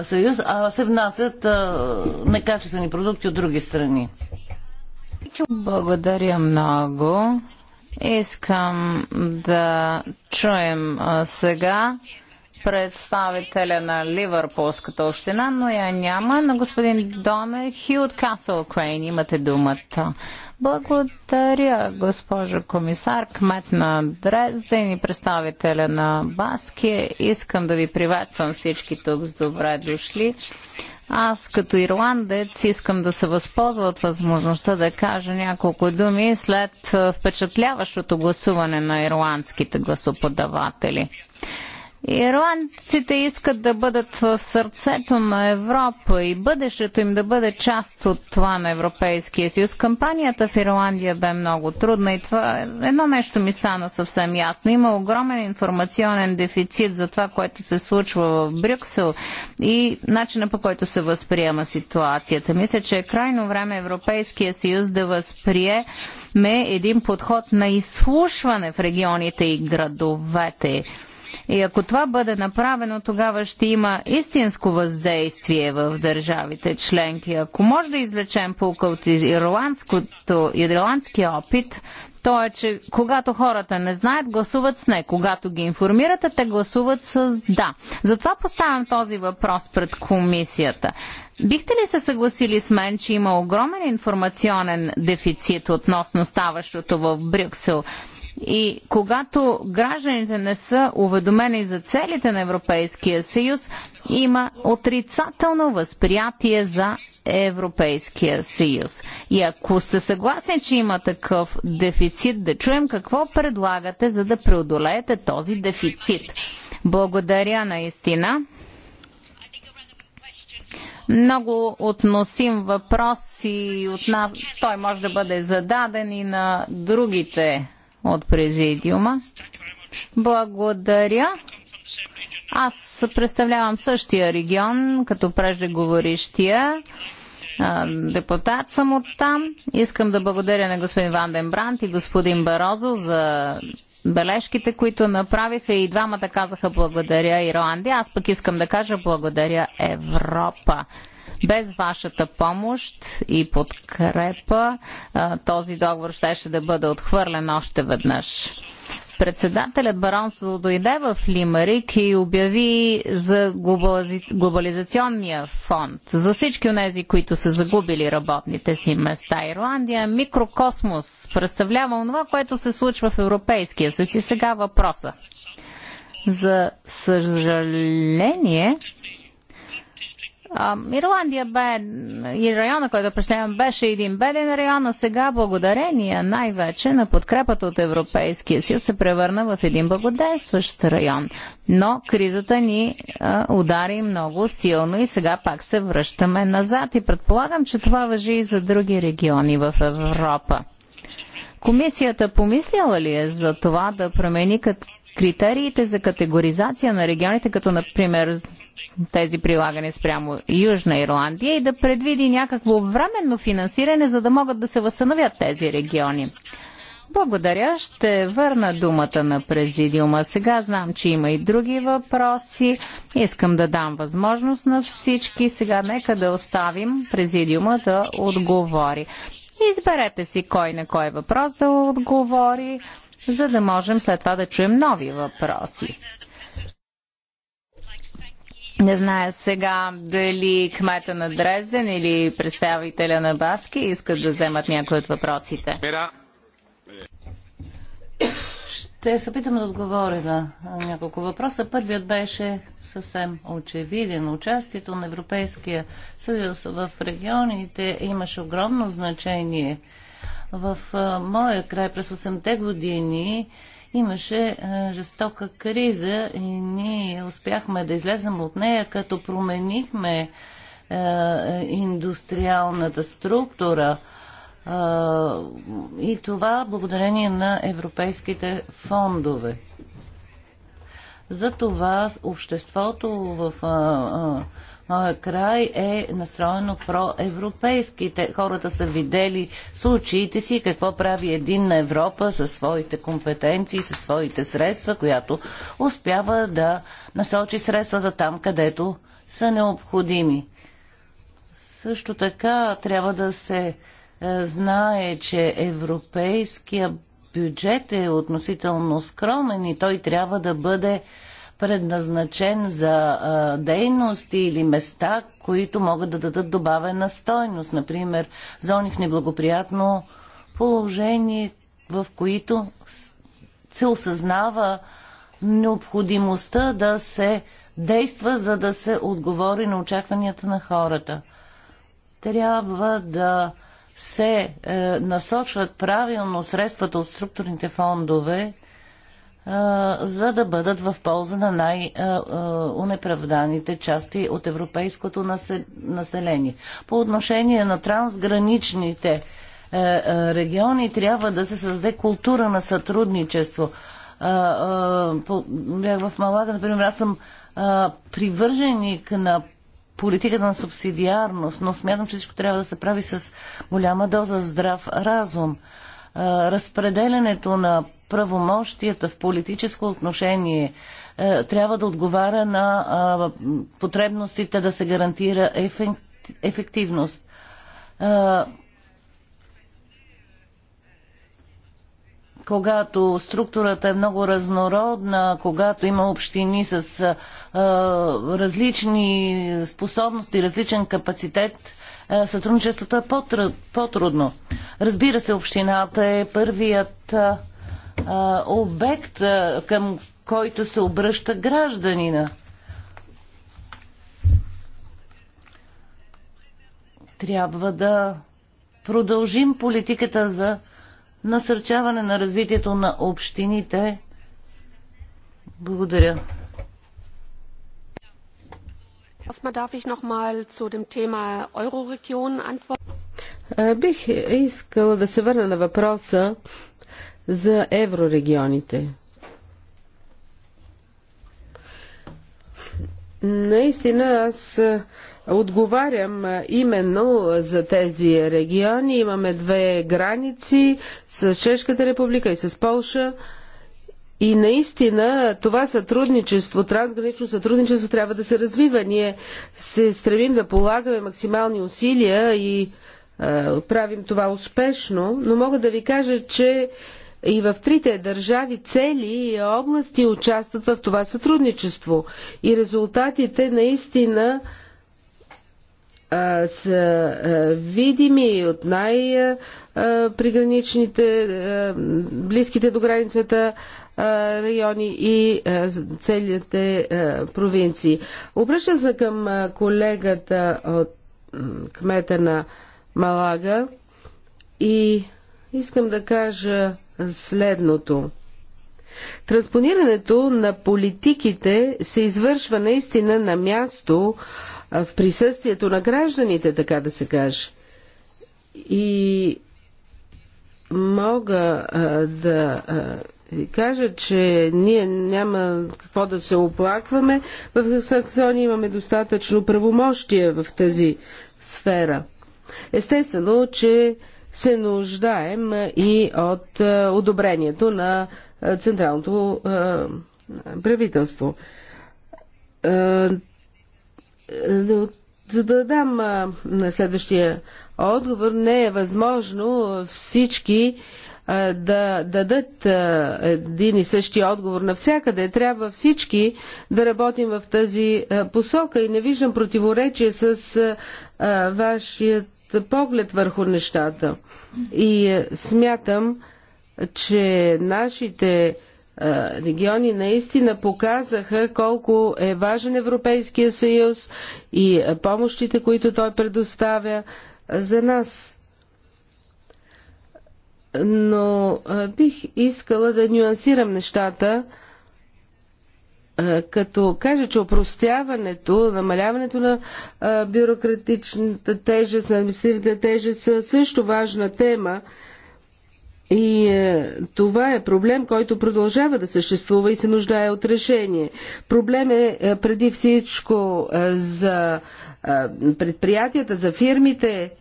съюз, а се внасят некачествени продукти от други страни. Благодаря много. Искам да чуем сега представителя на Ливърпулската община, но я няма. На господин Донехи от Касъл Крейн имате думата. Благодаря, госпожо комисар, кмет на Дрезден и представителя на Баски. Искам да ви приветствам всички тук с добре дошли. Аз като ирландец искам да се възползва от възможността да кажа няколко думи след впечатляващото гласуване на ирландските гласоподаватели. Ирландците искат да бъдат в сърцето на Европа и бъдещето им да бъде част от това на Европейския съюз. Кампанията в Ирландия бе много трудна и това едно нещо ми стана съвсем ясно. Има огромен информационен дефицит за това, което се случва в Брюксел и начина по който се възприема ситуацията. Мисля, че е крайно време Европейския съюз да възприеме един подход на изслушване в регионите и градовете и ако това бъде направено, тогава ще има истинско въздействие в държавите членки. Ако може да извлечем полка от ирландския опит, то е, че когато хората не знаят, гласуват с не. Когато ги информирате, те гласуват с да. Затова поставям този въпрос пред комисията. Бихте ли се съгласили с мен, че има огромен информационен дефицит относно ставащото в Брюксел? И когато гражданите не са уведомени за целите на Европейския съюз, има отрицателно възприятие за Европейския съюз. И ако сте съгласни, че има такъв дефицит, да чуем какво предлагате, за да преодолеете този дефицит. Благодаря наистина. Много относим въпроси от нас той може да бъде зададен и на другите от президиума. Благодаря. Аз представлявам същия регион, като преждеговорищия. Депутат съм от там. Искам да благодаря на господин Ванден Брант и господин Барозо за бележките, които направиха и двамата казаха благодаря Ирландия. Аз пък искам да кажа благодаря Европа. Без вашата помощ и подкрепа този договор щеше да бъде отхвърлен още веднъж. Председателят Баронсо дойде в Лимарик и обяви за глобализационния фонд, за всички от тези, които са загубили работните си места. Ирландия, е микрокосмос, представлява това, което се случва в Европейския съюз и сега въпроса. За съжаление, Ирландия бе и района, който представям, беше един беден район, а сега благодарение най-вече на подкрепата от Европейския съюз се превърна в един благодействащ район. Но кризата ни а, удари много силно и сега пак се връщаме назад и предполагам, че това въжи и за други региони в Европа. Комисията помисляла ли е за това да промени критериите за категоризация на регионите, като например тези прилагани спрямо Южна Ирландия и да предвиди някакво временно финансиране, за да могат да се възстановят тези региони. Благодаря. Ще върна думата на президиума. Сега знам, че има и други въпроси. Искам да дам възможност на всички. Сега нека да оставим президиума да отговори. Изберете си кой на кой въпрос да отговори, за да можем след това да чуем нови въпроси. Не зная сега дали кмета на Дрезден или представителя на Баски искат да вземат някои от въпросите. Ще се опитам да отговоря на няколко въпроса. Първият беше съвсем очевиден. Участието на Европейския съюз в регионите имаше огромно значение. В моя край през 8-те години Имаше е, жестока криза и ние успяхме да излезем от нея, като променихме е, индустриалната структура. Е, и това благодарение на европейските фондове. Затова обществото в Моя край е настроено проевропейски. Те, хората са видели с очите си какво прави един на Европа със своите компетенции, със своите средства, която успява да насочи средствата там, където са необходими. Също така трябва да се е, знае, че европейския бюджет е относително скромен и той трябва да бъде предназначен за а, дейности или места, които могат да дадат добавена стойност. Например, зони в неблагоприятно положение, в които се осъзнава необходимостта да се действа, за да се отговори на очакванията на хората. Трябва да се е, насочват правилно средствата от структурните фондове за да бъдат в полза на най-унеправданите части от европейското население. По отношение на трансграничните е, е, региони трябва да се създаде култура на сътрудничество. Бях е, в Малага, например, аз съм привърженик на политиката на субсидиарност, но смятам, че всичко трябва да се прави с голяма доза здрав разум. Разпределянето на правомощията в политическо отношение е, трябва да отговаря на потребностите да се гарантира ефективност. когато структурата е много разнородна, когато има общини с а, различни способности, различен капацитет, а, сътрудничеството е по-трудно. Разбира се, общината е първият а, а, обект, а, към който се обръща гражданина. Трябва да продължим политиката за насърчаване на развитието на общините. Благодаря. Erstmal darf ich noch mal zu dem Thema Euroregion antworten. Е, бих искала да се върна на въпроса за еврорегионите. Наистина аз отговарям именно за тези региони. Имаме две граници с Чешката република и с Полша. И наистина това сътрудничество, трансгранично сътрудничество трябва да се развива. Ние се стремим да полагаме максимални усилия и е, правим това успешно, но мога да ви кажа, че и в трите държави цели и области участват в това сътрудничество. И резултатите наистина а, са а, видими от най-приграничните, близките до границата райони и целите провинции. Обръща се към колегата от кмета на Малага и искам да кажа следното. Транспонирането на политиките се извършва наистина на място в присъствието на гражданите, така да се каже. И мога а, да а, кажа, че ние няма какво да се оплакваме. В Саксония имаме достатъчно правомощия в тази сфера. Естествено, че а, се нуждаем и от е, одобрението на е, Централното е, правителство. За да дам на следващия отговор, не е възможно всички да дадат един и същи отговор навсякъде. Трябва всички да работим в тази посока и не виждам противоречие с вашият поглед върху нещата. И е, смятам, че нашите е, региони наистина показаха колко е важен Европейския съюз и е, помощите, които той предоставя за нас. Но бих искала да нюансирам нещата като кажа, че опростяването, намаляването на бюрократичната тежест, на административната тежест са също важна тема. И е, това е проблем, който продължава да съществува и се нуждае от решение. Проблем е, е преди всичко е, за е, предприятията, за фирмите.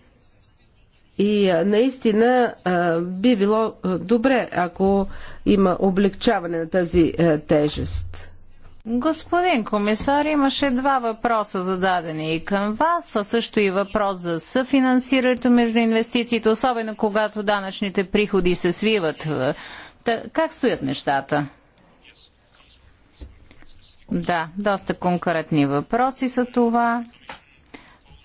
И е, наистина е, би било е, добре, ако има облегчаване на тази е, тежест. Господин комисар, имаше два въпроса зададени и към вас, а също и въпрос за съфинансирането между инвестициите, особено когато данъчните приходи се свиват. Та, как стоят нещата? Да, доста конкретни въпроси са това.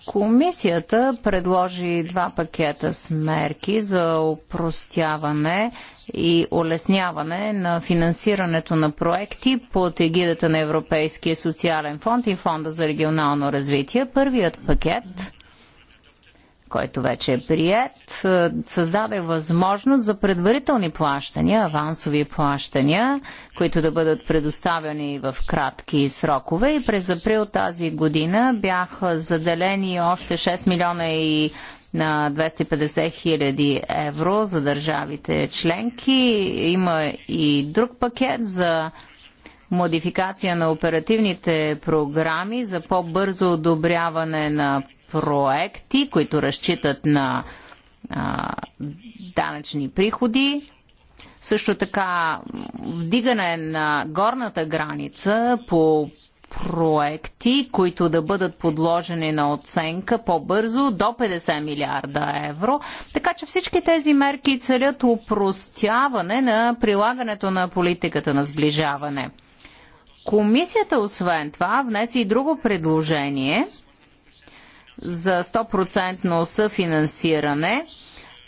Комисията предложи два пакета с мерки за упростяване и улесняване на финансирането на проекти под егидата на Европейския социален фонд и Фонда за регионално развитие. Първият пакет който вече е прият, е, създаде възможност за предварителни плащания, авансови плащания, които да бъдат предоставени в кратки срокове. И през април тази година бяха заделени още 6 милиона и на 250 хиляди евро за държавите членки. Има и друг пакет за модификация на оперативните програми за по-бързо одобряване на проекти, които разчитат на а, данъчни приходи. Също така вдигане на горната граница по проекти, които да бъдат подложени на оценка по-бързо до 50 милиарда евро. Така че всички тези мерки целят упростяване на прилагането на политиката на сближаване. Комисията, освен това, внесе и друго предложение – за 100% съфинансиране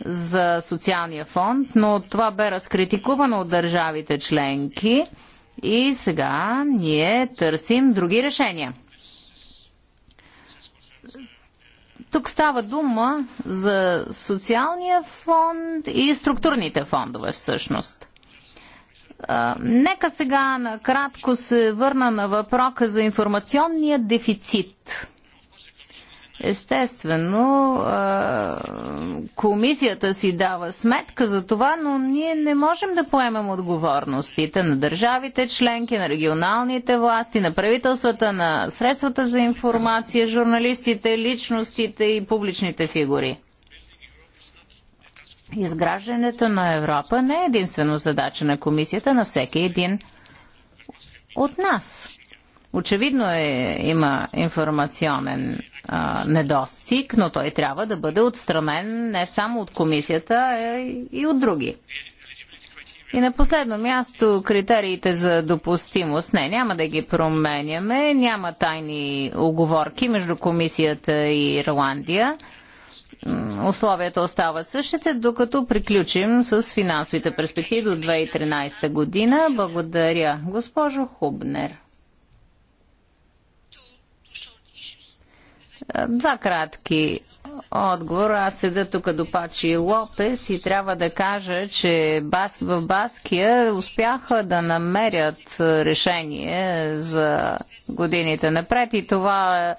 за социалния фонд, но това бе разкритикувано от държавите членки и сега ние търсим други решения. Тук става дума за социалния фонд и структурните фондове всъщност. А, нека сега накратко се върна на въпрока за информационния дефицит. Естествено, комисията си дава сметка за това, но ние не можем да поемем отговорностите на държавите членки, на регионалните власти, на правителствата, на средствата за информация, журналистите, личностите и публичните фигури. Изграждането на Европа не е единствено задача на комисията на всеки един от нас. Очевидно е, има информационен недостиг, но той трябва да бъде отстранен не само от комисията, а и от други. И на последно място критериите за допустимост. Не, няма да ги променяме. Няма тайни оговорки между комисията и Ирландия. Условията остават същите, докато приключим с финансовите перспективи до 2013 година. Благодаря, госпожо Хубнер. Е, два кратки отговор. Аз седа тук до Пачи Лопес и трябва да кажа, че Бас, в Баския успяха да намерят решение за годините напред и това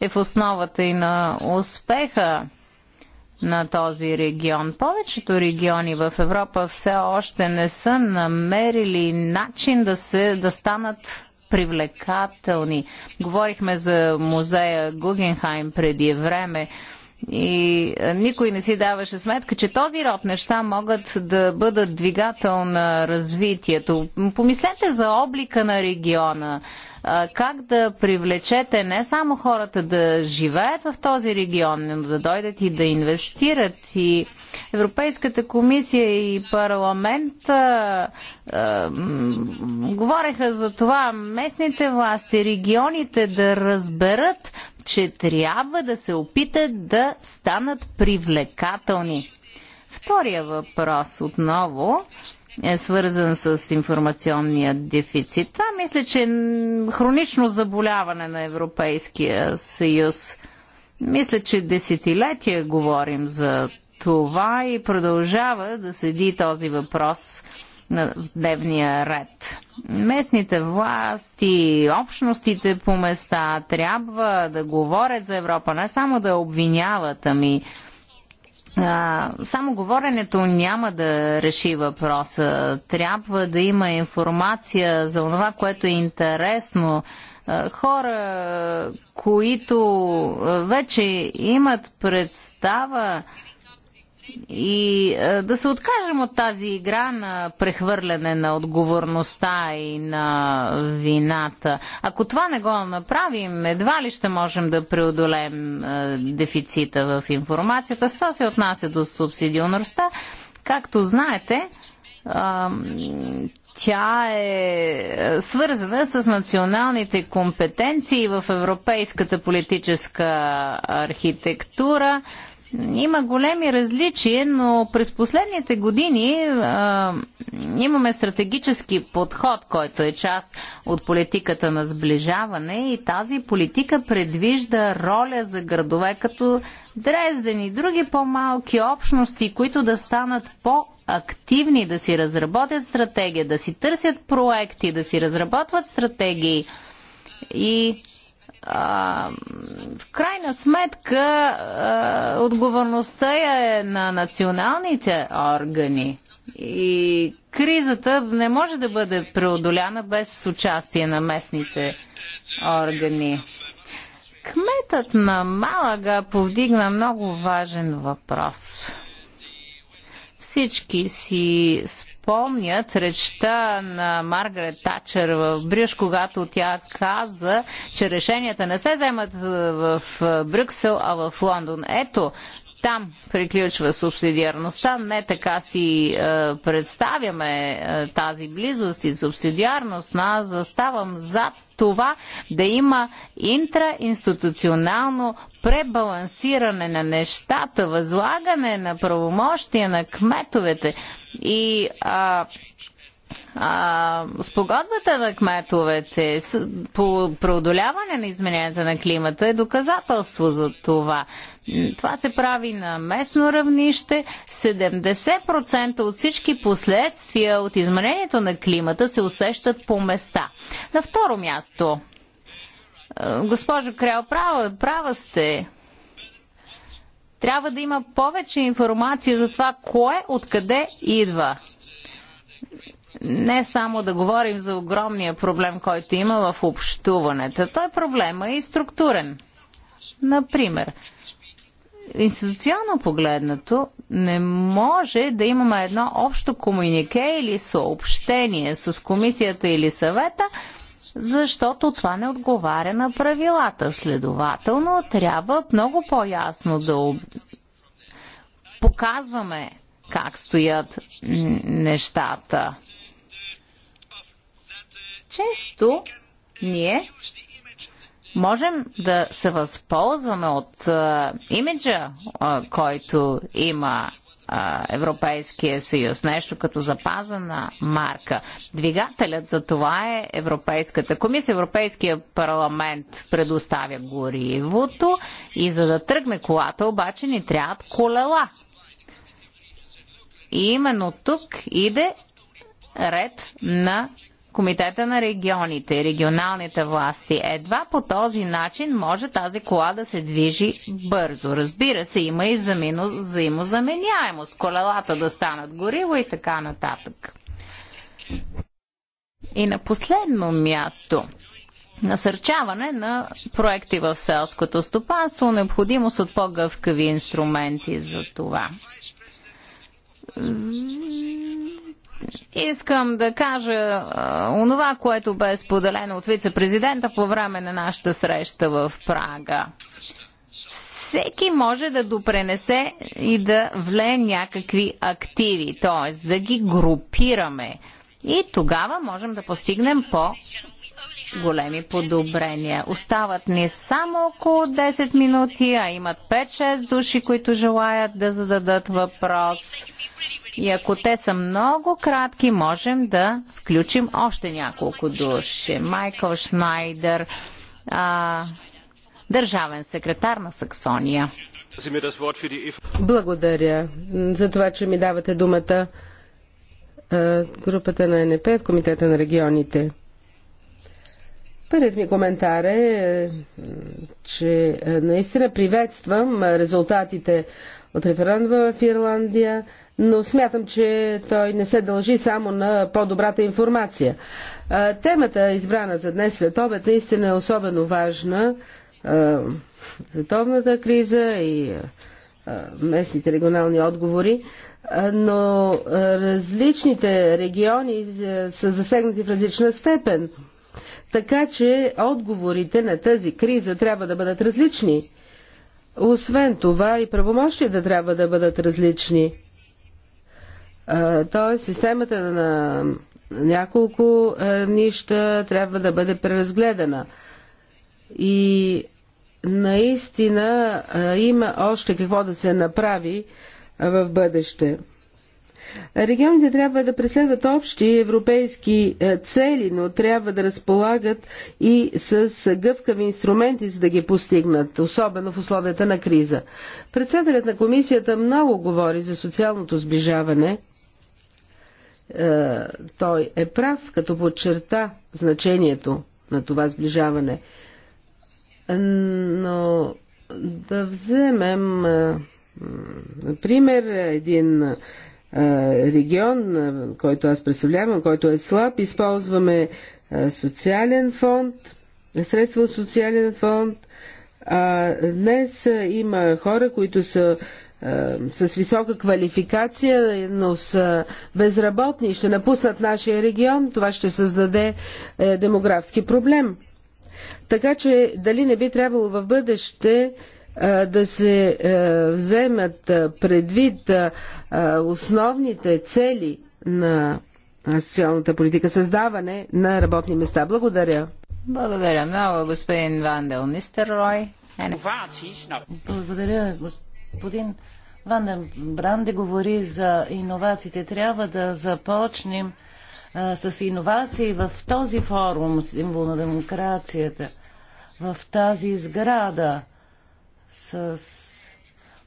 е в основата и на успеха на този регион. Повечето региони в Европа все още не са намерили начин да, се, да станат привлекателни. Говорихме за музея Гугенхайм преди време. И е, никой не си даваше сметка, че този род неща могат да бъдат двигател на развитието. Помислете за облика на региона. Е, как да привлечете не само хората да живеят в този регион, но да дойдат и да инвестират и Европейската комисия и парламент а, а, е, говореха за това местните власти, регионите да разберат, че трябва да се опитат да станат привлекателни. Втория въпрос отново е свързан с информационния дефицит. Това мисля, че е хронично заболяване на Европейския съюз. Мисля, че десетилетия говорим за това и продължава да седи този въпрос на дневния ред. Местните власти, общностите по места трябва да говорят за Европа, не само да обвиняват, ами а, само говоренето няма да реши въпроса. Трябва да има информация за това, което е интересно. хора, които вече имат представа и а, е, да се откажем от тази игра на прехвърляне на отговорността и на вината. Ако това не го направим, едва ли ще можем да преодолем а, е, дефицита в информацията. Що се отнася до субсидионността, както знаете, а, тя е, е свързана с националните компетенции в европейската политическа архитектура. Има големи различия, но през последните години а, имаме стратегически подход, който е част от политиката на сближаване и тази политика предвижда роля за градове като Дрезден и други по-малки общности, които да станат по активни, да си разработят стратегия, да си търсят проекти, да си разработват стратегии. И в крайна сметка а, отговорността е на националните органи. И кризата не може да бъде преодоляна без участие на местните органи. Кметът на Малага повдигна много важен въпрос. Всички си спомнят помнят речта на Маргарет Тачер в Брюш, когато тя каза, че решенията не се вземат в Брюксел, а в Лондон. Ето, там приключва субсидиарността. Не така си е, представяме е, тази близост и субсидиарност. Аз заставам зад това да има интраинституционално пребалансиране на нещата, възлагане на правомощия на кметовете и а, е, а, спогодбата на кметовете по преодоляване на измененията на климата е доказателство за това. Това се прави на местно равнище. 70% от всички последствия от изменението на климата се усещат по места. На второ място, госпожо Крел, права, права сте. Трябва да има повече информация за това кое откъде идва не само да говорим за огромния проблем, който има в общуването. Той проблема е и структурен. Например, институционно погледнато, не може да имаме едно общо комунике или съобщение с комисията или съвета, защото това не отговаря на правилата. Следователно, трябва много по-ясно да показваме как стоят нещата. Често ние можем да се възползваме от а, имиджа, а, който има а, Европейския съюз, нещо като запазена марка. Двигателят за това е Европейската комисия. Европейския парламент предоставя горивото и за да тръгне колата, обаче ни трябват колела. И именно тук иде ред на Комитета на регионите, регионалните власти. Едва по този начин може тази кола да се движи бързо. Разбира се, има и взаимозаменяемост. Колелата да станат гориво и така нататък. И на последно място насърчаване на проекти в селското стопанство, необходимост от по-гъвкави инструменти за това Искам да кажа онова, което бе споделено от вице-президента по време на нашата среща в Прага. Всеки може да допренесе и да вле някакви активи, т.е. да ги групираме. И тогава можем да постигнем по големи подобрения. Остават ни само около 10 минути, а имат 5-6 души, които желаят да зададат въпрос. И ако те са много кратки, можем да включим още няколко души. Майкъл Шнайдер, а, държавен секретар на Саксония. Благодаря за това, че ми давате думата групата на НП в Комитета на регионите. Първият ми коментар е, е че е, наистина приветствам резултатите от референдума в Ирландия но смятам, че той не се дължи само на по-добрата информация. Темата, избрана за днес след обед, наистина е особено важна. Световната криза и местните регионални отговори, но различните региони са засегнати в различна степен. Така че отговорите на тази криза трябва да бъдат различни. Освен това и правомощията трябва да бъдат различни. Тоест, системата на няколко нища трябва да бъде преразгледана. И наистина има още какво да се направи в бъдеще. Регионите трябва да преследват общи европейски цели, но трябва да разполагат и с гъвкави инструменти, за да ги постигнат, особено в условията на криза. Председателят на комисията много говори за социалното сближаване – е, той е прав, като подчерта значението на това сближаване. Но да вземем, например, е, един е, регион, който аз представлявам, който е слаб, използваме социален фонд, средства от социален фонд. А днес има хора, които са е, с висока квалификация, но с е, безработни и ще напуснат нашия регион, това ще създаде е, демографски проблем. Така че дали не би трябвало в бъдеще да се вземат предвид основните цели на социалната политика, създаване на работни места. Благодаря. Благодаря много, господин Вандел Нистеррой. Благодаря, господин Господин Ванден Бранде говори за иновациите. Трябва да започнем а, с иновации в този форум, символ на демокрацията, в тази сграда, с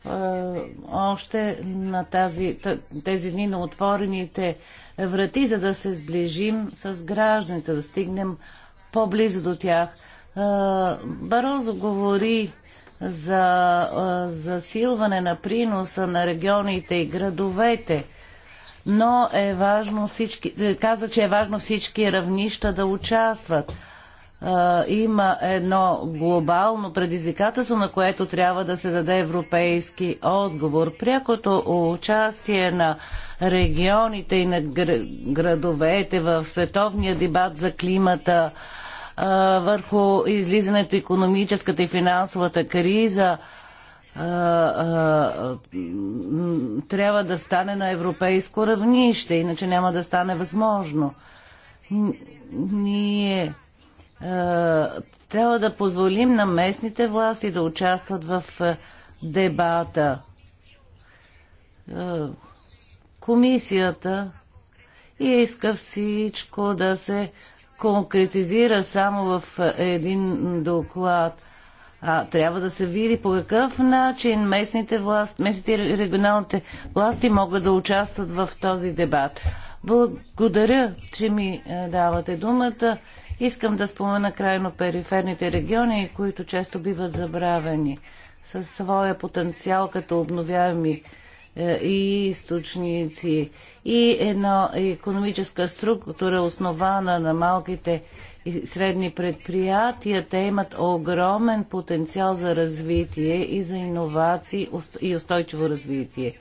а, още на тази, тези дни на отворените врати, за да се сближим с гражданите, да стигнем по-близо до тях. А, Барозо говори за засилване на приноса на регионите и градовете, но е важно всички, е, каза, че е важно всички равнища да участват. Има едно глобално предизвикателство, на което трябва да се даде европейски отговор. Прякото участие на регионите и на градовете в световния дебат за климата, върху излизането економическата и финансовата криза трябва да стане на европейско равнище, иначе няма да стане възможно. Ние трябва да позволим на местните власти да участват в дебата. Комисията иска всичко да се конкретизира само в е, един доклад. А, трябва да се види по какъв начин местните, власт, местните и регионалните власти могат да участват в този дебат. Благодаря, че ми е, давате думата. Искам да спомена крайно периферните региони, които често биват забравени. Със своя потенциал като обновяеми е, и източници и една економическа структура основана на малките и средни предприятия, те имат огромен потенциал за развитие и за иновации и устойчиво развитие.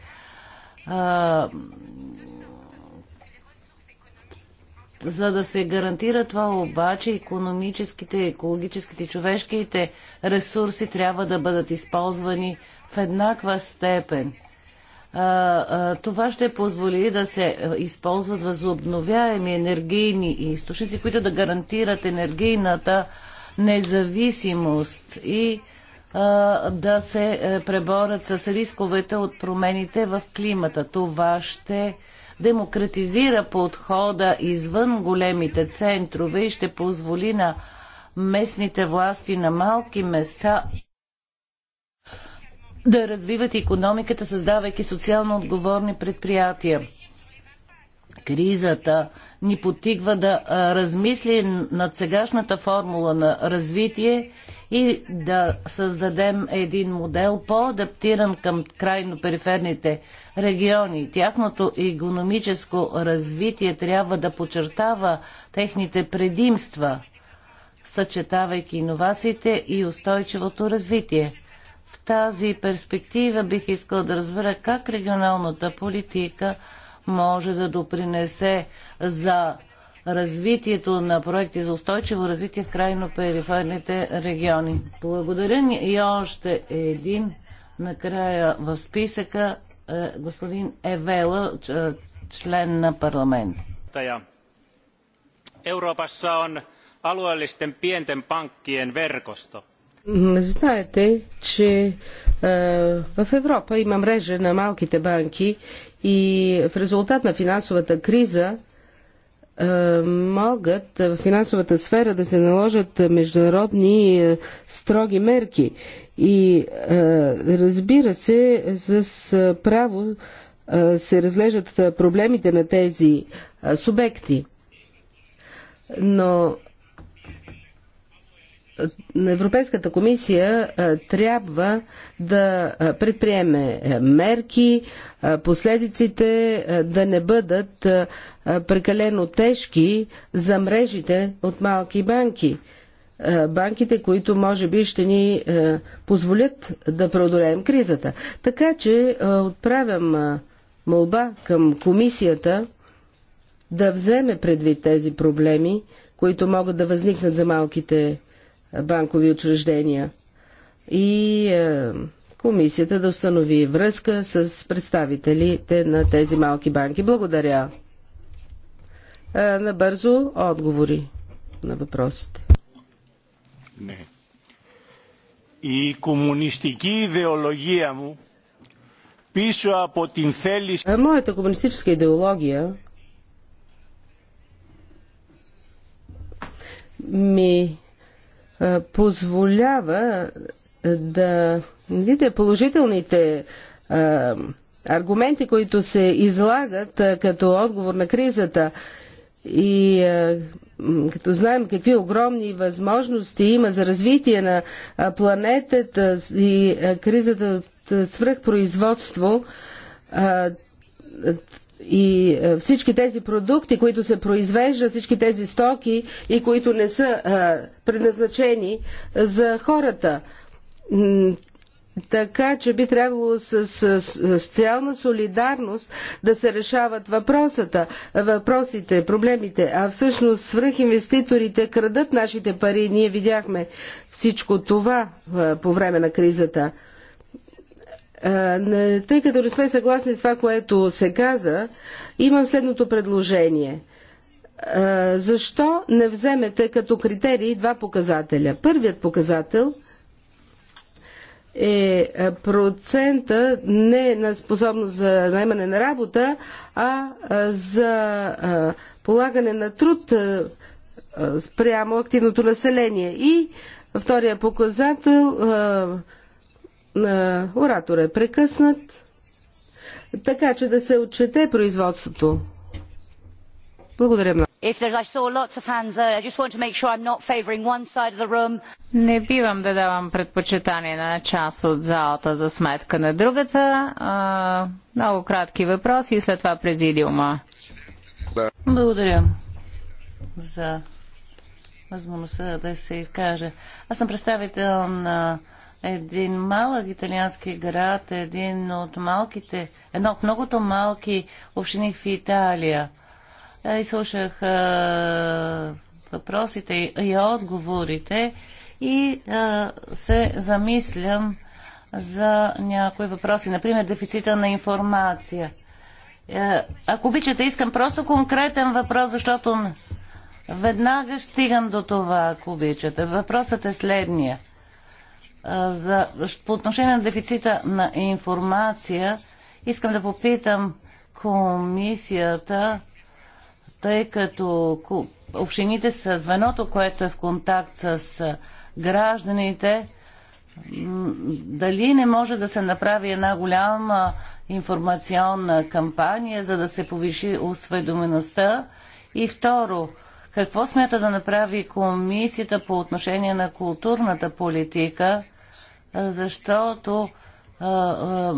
За да се гарантира това обаче, економическите, екологическите, човешките ресурси трябва да бъдат използвани в еднаква степен – това ще позволи да се използват възобновяеми енергийни източници, които да гарантират енергийната независимост и да се е, преборят с рисковете от промените в климата. Това ще демократизира подхода извън големите центрове и ще позволи на местните власти на малки места да развиват економиката, създавайки социално отговорни предприятия. Кризата ни потигва да размислим над сегашната формула на развитие и да създадем един модел по-адаптиран към крайно периферните региони. Тяхното економическо развитие трябва да подчертава техните предимства, съчетавайки иновациите и устойчивото развитие. В тази перспектива бих искал да разбера как регионалната политика може да допринесе за развитието на проекти за устойчиво развитие в крайно периферните региони. Благодаря ни и още един накрая в списъка е, господин Евела, е, член на парламент. Euroopassa on alueellisten pienten pankkien verkosto. Знаете, че в Европа има мрежа на малките банки и в резултат на финансовата криза могат в финансовата сфера да се наложат международни строги мерки. И разбира се, с право се разглеждат проблемите на тези субекти. Но Европейската комисия трябва да предприеме мерки, последиците да не бъдат прекалено тежки за мрежите от малки банки. Банките, които може би ще ни позволят да преодолеем кризата. Така че отправям молба към комисията да вземе предвид тези проблеми, които могат да възникнат за малките банки банкови учреждения и е, комисията да установи връзка с представителите на тези малки банки. Благодаря. Е, набързо отговори на въпросите. Не. Η κομμουνιστική ιδεολογία μου πίσω από την θέληση... Е, моята комунистическа идеология ми позволява да видя положителните аргументи, които се излагат като отговор на кризата и като знаем какви огромни възможности има за развитие на планетата и кризата от свръхпроизводство, и е, всички тези продукти, които се произвеждат, всички тези стоки и които не са е, предназначени за хората. Така че би трябвало с, социална солидарност да се решават въпросата, въпросите, проблемите, а всъщност свръхинвеститорите крадат нашите пари. Ние видяхме всичко това е, по време на кризата. Тъй като не сме съгласни с това, което се каза, имам следното предложение. Защо не вземете като критерии два показателя? Първият показател е процента не на способност за наемане на работа, а за полагане на труд спрямо активното население. И втория показател оратор е прекъснат, така че да се отчете производството. Благодаря много. Не бивам да давам предпочитание на част от залата за сметка на другата. А, много кратки въпроси и след това президиума. Благодаря за възможността да се изкаже. Аз съм представител на един малък италиански град, един от малките, едно от многото малки общини в Италия. Е, и слушах а, е, въпросите и, и отговорите и а, е, се замислям за някои въпроси. Например, дефицита на информация. А, ако обичате, искам просто конкретен въпрос, защото веднага стигам до това, ако обичате. Въпросът е следния – за, по отношение на дефицита на информация, искам да попитам комисията, тъй като общините са звеното, което е в контакт с гражданите, дали не може да се направи една голяма информационна кампания, за да се повиши осведомеността? И второ, какво смята да направи комисията по отношение на културната политика, защото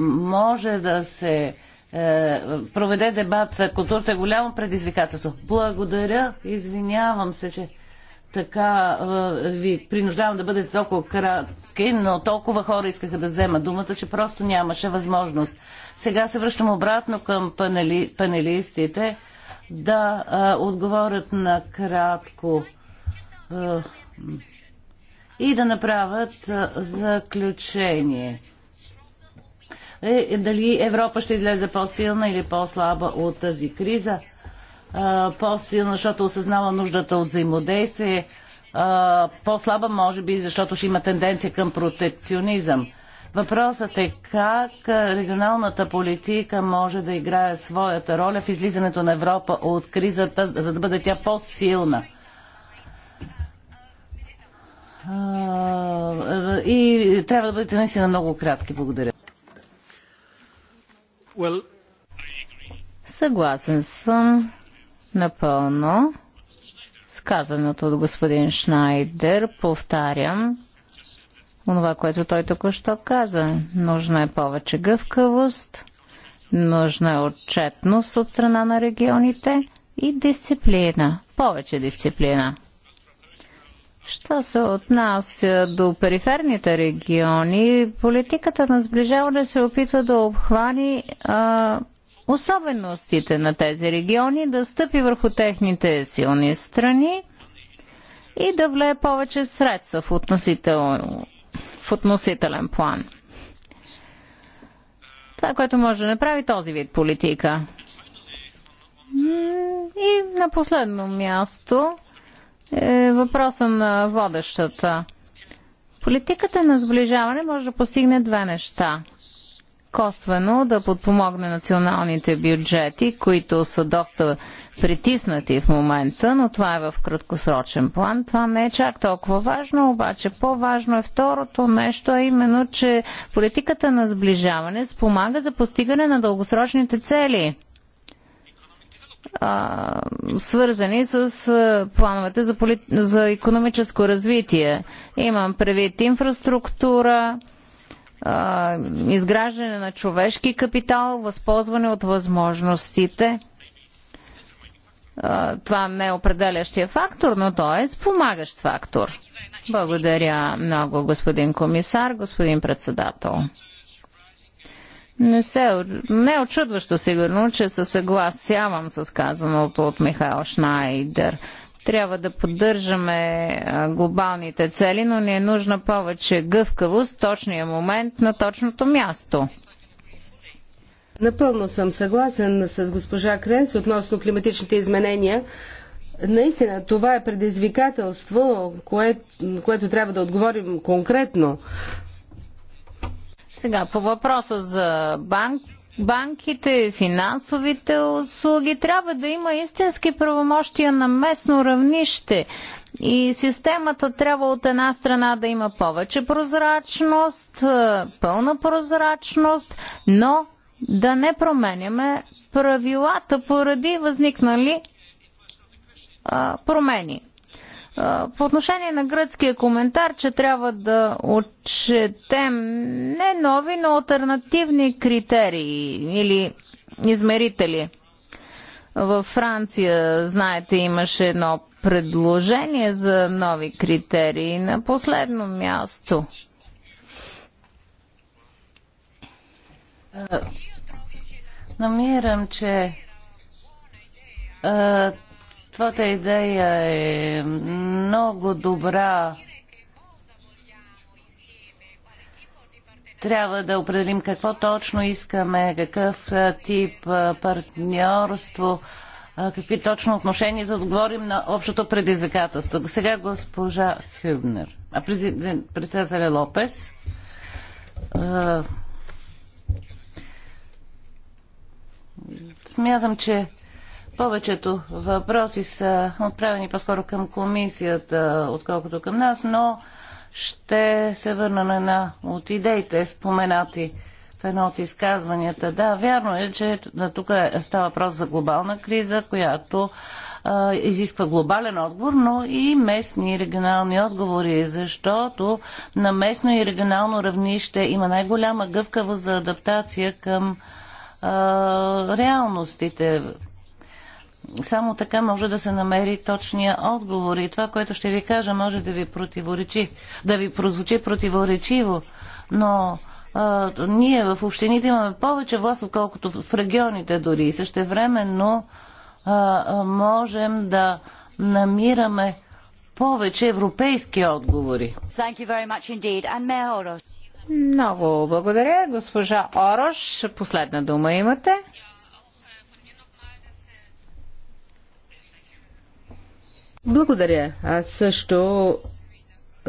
може да се е, проведе дебат. Културата е голямо предизвикателство. Благодаря, извинявам се, че така ви принуждавам да бъдете толкова кратки, но толкова хора искаха да вземат думата, че просто нямаше възможност. Сега се връщам обратно към панели, панелистите да а, отговорят на кратко. А, и да направят заключение. Е, дали Европа ще излезе по-силна или по-слаба от тази криза? по-силна, защото осъзнава нуждата от взаимодействие, по-слаба може би, защото ще има тенденция към протекционизъм. Въпросът е как регионалната политика може да играе своята роля в излизането на Европа от кризата, за да бъде тя по-силна и трябва да бъдете наистина много кратки. Благодаря. Well... Съгласен съм напълно с казаното от господин Шнайдер. Повтарям онова, което той току-що каза. Нужна е повече гъвкавост, нужна е отчетност от страна на регионите и дисциплина. Повече дисциплина. Що се отнася до периферните региони, политиката на сближаване се опитва да обхвани а, особеностите на тези региони, да стъпи върху техните силни страни и да влее повече средства в, относител, в относителен план. Това, което може да направи този вид политика. И на последно място е въпроса на водещата. Политиката на сближаване може да постигне две неща. Косвено да подпомогне националните бюджети, които са доста притиснати в момента, но това е в краткосрочен план. Това не е чак толкова важно, обаче по-важно е второто нещо, а именно, че политиката на сближаване спомага за постигане на дългосрочните цели – а, свързани с а, плановете за, полит... за економическо развитие. Имам предвид инфраструктура, а, изграждане на човешки капитал, възползване от възможностите. А, това не е определящия фактор, но той е спомагащ фактор. Благодаря много, господин комисар, господин председател. Не, се, не е очудващо сигурно, че се съгласявам с казаното от Михаил Шнайдер. Трябва да поддържаме глобалните цели, но ни е нужна повече гъвкавост, точния момент на точното място. Напълно съм съгласен с госпожа Кренс относно климатичните изменения. Наистина, това е предизвикателство, кое, което трябва да отговорим конкретно. Сега по въпроса за банк, банките, финансовите услуги, трябва да има истински правомощия на местно равнище. И системата трябва от една страна да има повече прозрачност, е, пълна прозрачност, но да не променяме правилата поради възникнали а, е, промени. По отношение на гръцкия коментар, че трябва да отчетем не нови, но альтернативни критерии или измерители. Във Франция, знаете, имаше едно предложение за нови критерии на последно място. Намирам, че Твоята идея е много добра. Трябва да определим какво точно искаме, какъв е тип е, партньорство, е, какви точно отношения, за да отговорим на общото предизвикателство. сега госпожа Хюбнер, а председателя Лопес. Смятам, че повечето въпроси са отправени по-скоро към комисията, отколкото към нас, но ще се върна на една от идеите, споменати в едно от изказванията. Да, вярно е, че тук е, става въпрос за глобална криза, която а, изисква глобален отговор, но и местни и регионални отговори, защото на местно и регионално равнище има най-голяма гъвкавост за адаптация към реалностите само така може да се намери точния отговор и това, което ще ви кажа, може да ви противоречи, да ви прозвучи противоречиво, но а, ние в общините имаме повече власт, отколкото в регионите дори и същевременно а, можем да намираме повече европейски отговори. Много благодаря, госпожа Орош. Последна дума имате. Благодаря. Аз също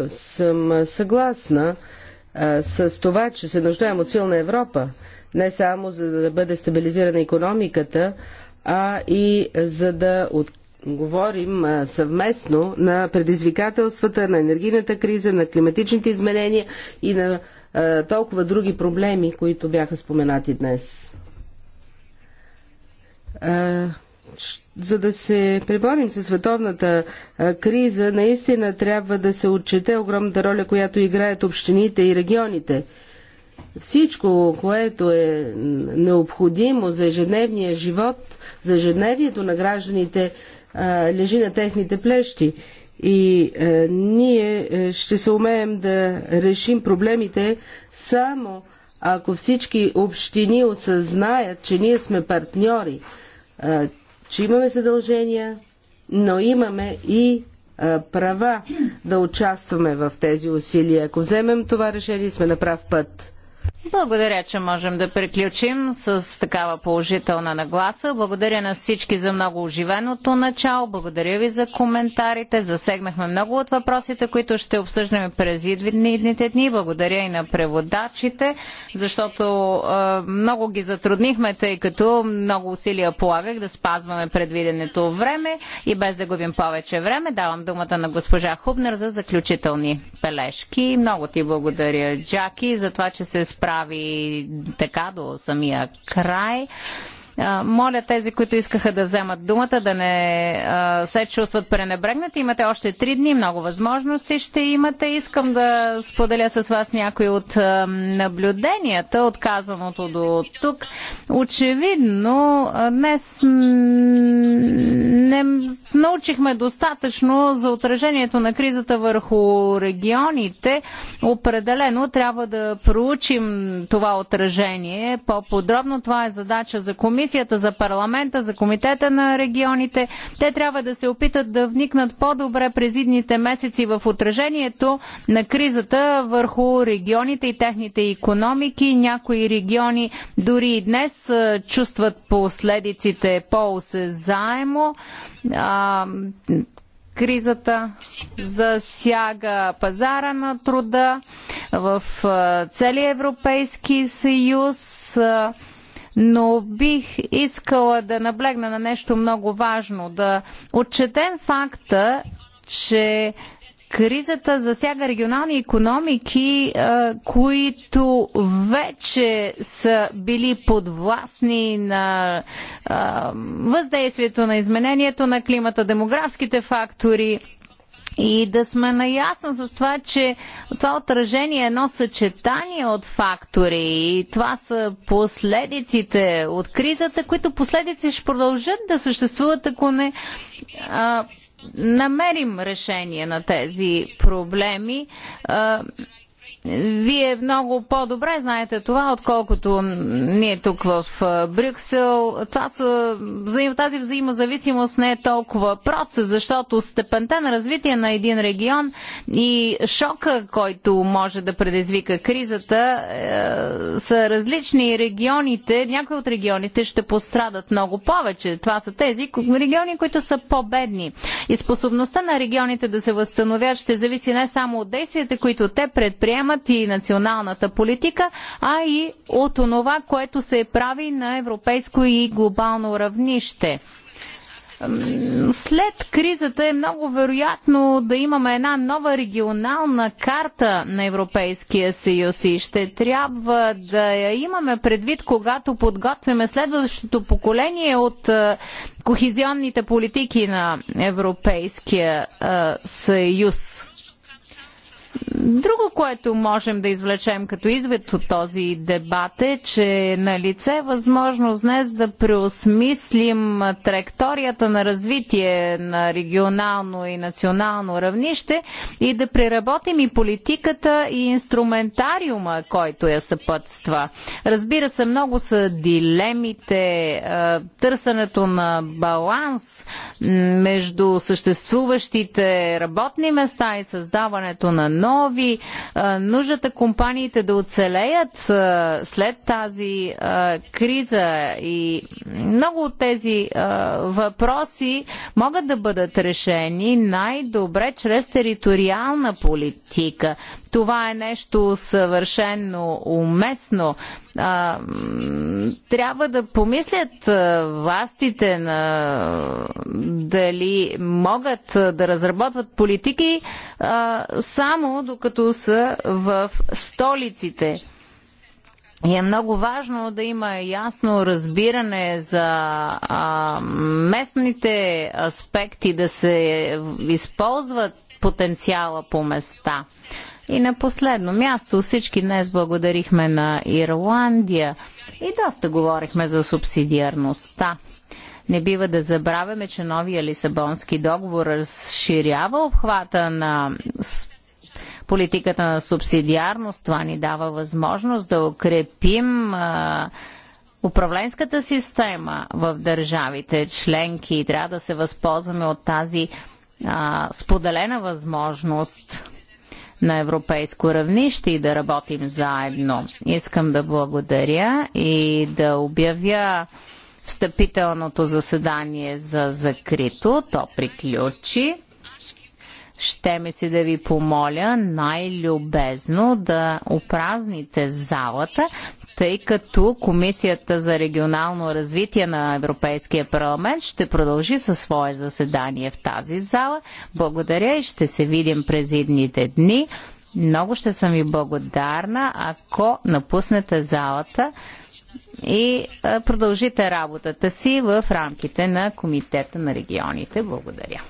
съм съгласна а, с това, че се нуждаем от силна Европа. Не само за да бъде стабилизирана економиката, а и за да отговорим а, съвместно на предизвикателствата на енергийната криза, на климатичните изменения и на а, толкова други проблеми, които бяха споменати днес за да се преборим с световната криза, наистина трябва да се отчете огромната роля, която играят общините и регионите. Всичко, което е необходимо за ежедневния живот, за ежедневието на гражданите, лежи на техните плещи. И ние ще се умеем да решим проблемите само ако всички общини осъзнаят, че ние сме партньори че имаме задължения, но имаме и а, права да участваме в тези усилия. Ако вземем това решение, сме на прав път. Благодаря, че можем да приключим с такава положителна нагласа. Благодаря на всички за много оживеното начало. Благодаря ви за коментарите. Засегнахме много от въпросите, които ще обсъждаме през идните дни. Благодаря и на преводачите, защото е, много ги затруднихме, тъй като много усилия полагах да спазваме предвиденето време и без да губим повече време, давам думата на госпожа Хубнер за заключителни бележки. Много ти благодаря, Джаки, за това, че се справи прави така до самия край. Моля тези, които искаха да вземат думата, да не се чувстват пренебрегнати. Имате още три дни, много възможности ще имате. Искам да споделя с вас някои от наблюденията, отказаното до тук. Очевидно, днес не научихме достатъчно за отражението на кризата върху регионите. Определено трябва да проучим това отражение по-подробно. Това е задача за комисията комисията, за парламента, за комитета на регионите. Те трябва да се опитат да вникнат по-добре през идните месеци в отражението на кризата върху регионите и техните економики. Някои региони дори и днес чувстват последиците по-осезаемо кризата засяга пазара на труда в целия Европейски съюз но бих искала да наблегна на нещо много важно, да отчетем факта, че кризата засяга регионални економики, които вече са били подвластни на въздействието на изменението на климата, демографските фактори и да сме наясно с това, че това отражение е едно съчетание от фактори и това са последиците от кризата, които последици ще продължат да съществуват, ако не а, намерим решение на тези проблеми. А, вие много по-добре знаете това, отколкото ние тук в Брюксел. Това са, тази взаимозависимост не е толкова проста, защото степента на развитие на един регион и шока, който може да предизвика кризата, е, са различни регионите. Някои от регионите ще пострадат много повече. Това са тези региони, които са по-бедни. И способността на регионите да се възстановят ще зависи не само от действията, които те предприемат, приемат и националната политика, а и от онова, което се прави на европейско и глобално равнище. След кризата е много вероятно да имаме една нова регионална карта на Европейския съюз и ще трябва да я имаме предвид, когато подготвяме следващото поколение от е, кохезионните политики на Европейския е, съюз. Друго, което можем да извлечем като извед от този дебат е, че е на лице е възможност днес да преосмислим траекторията на развитие на регионално и национално равнище и да преработим и политиката и инструментариума, който я съпътства. Разбира се, много са дилемите, търсенето на баланс между съществуващите работни места и създаването на нови нови, нуждата компаниите да оцелеят след тази криза и много от тези въпроси могат да бъдат решени най-добре чрез териториална политика. Това е нещо съвършенно уместно. А, трябва да помислят властите на дали могат да разработват политики а, само докато са в столиците. И е много важно да има ясно разбиране за а, местните аспекти, да се използват потенциала по места. И на последно място всички днес благодарихме на Ирландия и доста говорихме за субсидиарността. Не бива да забравяме, че новия Лисабонски договор разширява обхвата на политиката на субсидиарност. Това ни дава възможност да укрепим управленската система в държавите членки. и Трябва да се възползваме от тази а, споделена възможност на европейско равнище и да работим заедно. Искам да благодаря и да обявя встъпителното заседание за закрито. То приключи. Ще ми си да ви помоля най-любезно да опразните залата, тъй като Комисията за регионално развитие на Европейския парламент ще продължи със свое заседание в тази зала. Благодаря и ще се видим през идните дни. Много ще съм ви благодарна, ако напуснете залата и продължите работата си в рамките на Комитета на регионите. Благодаря.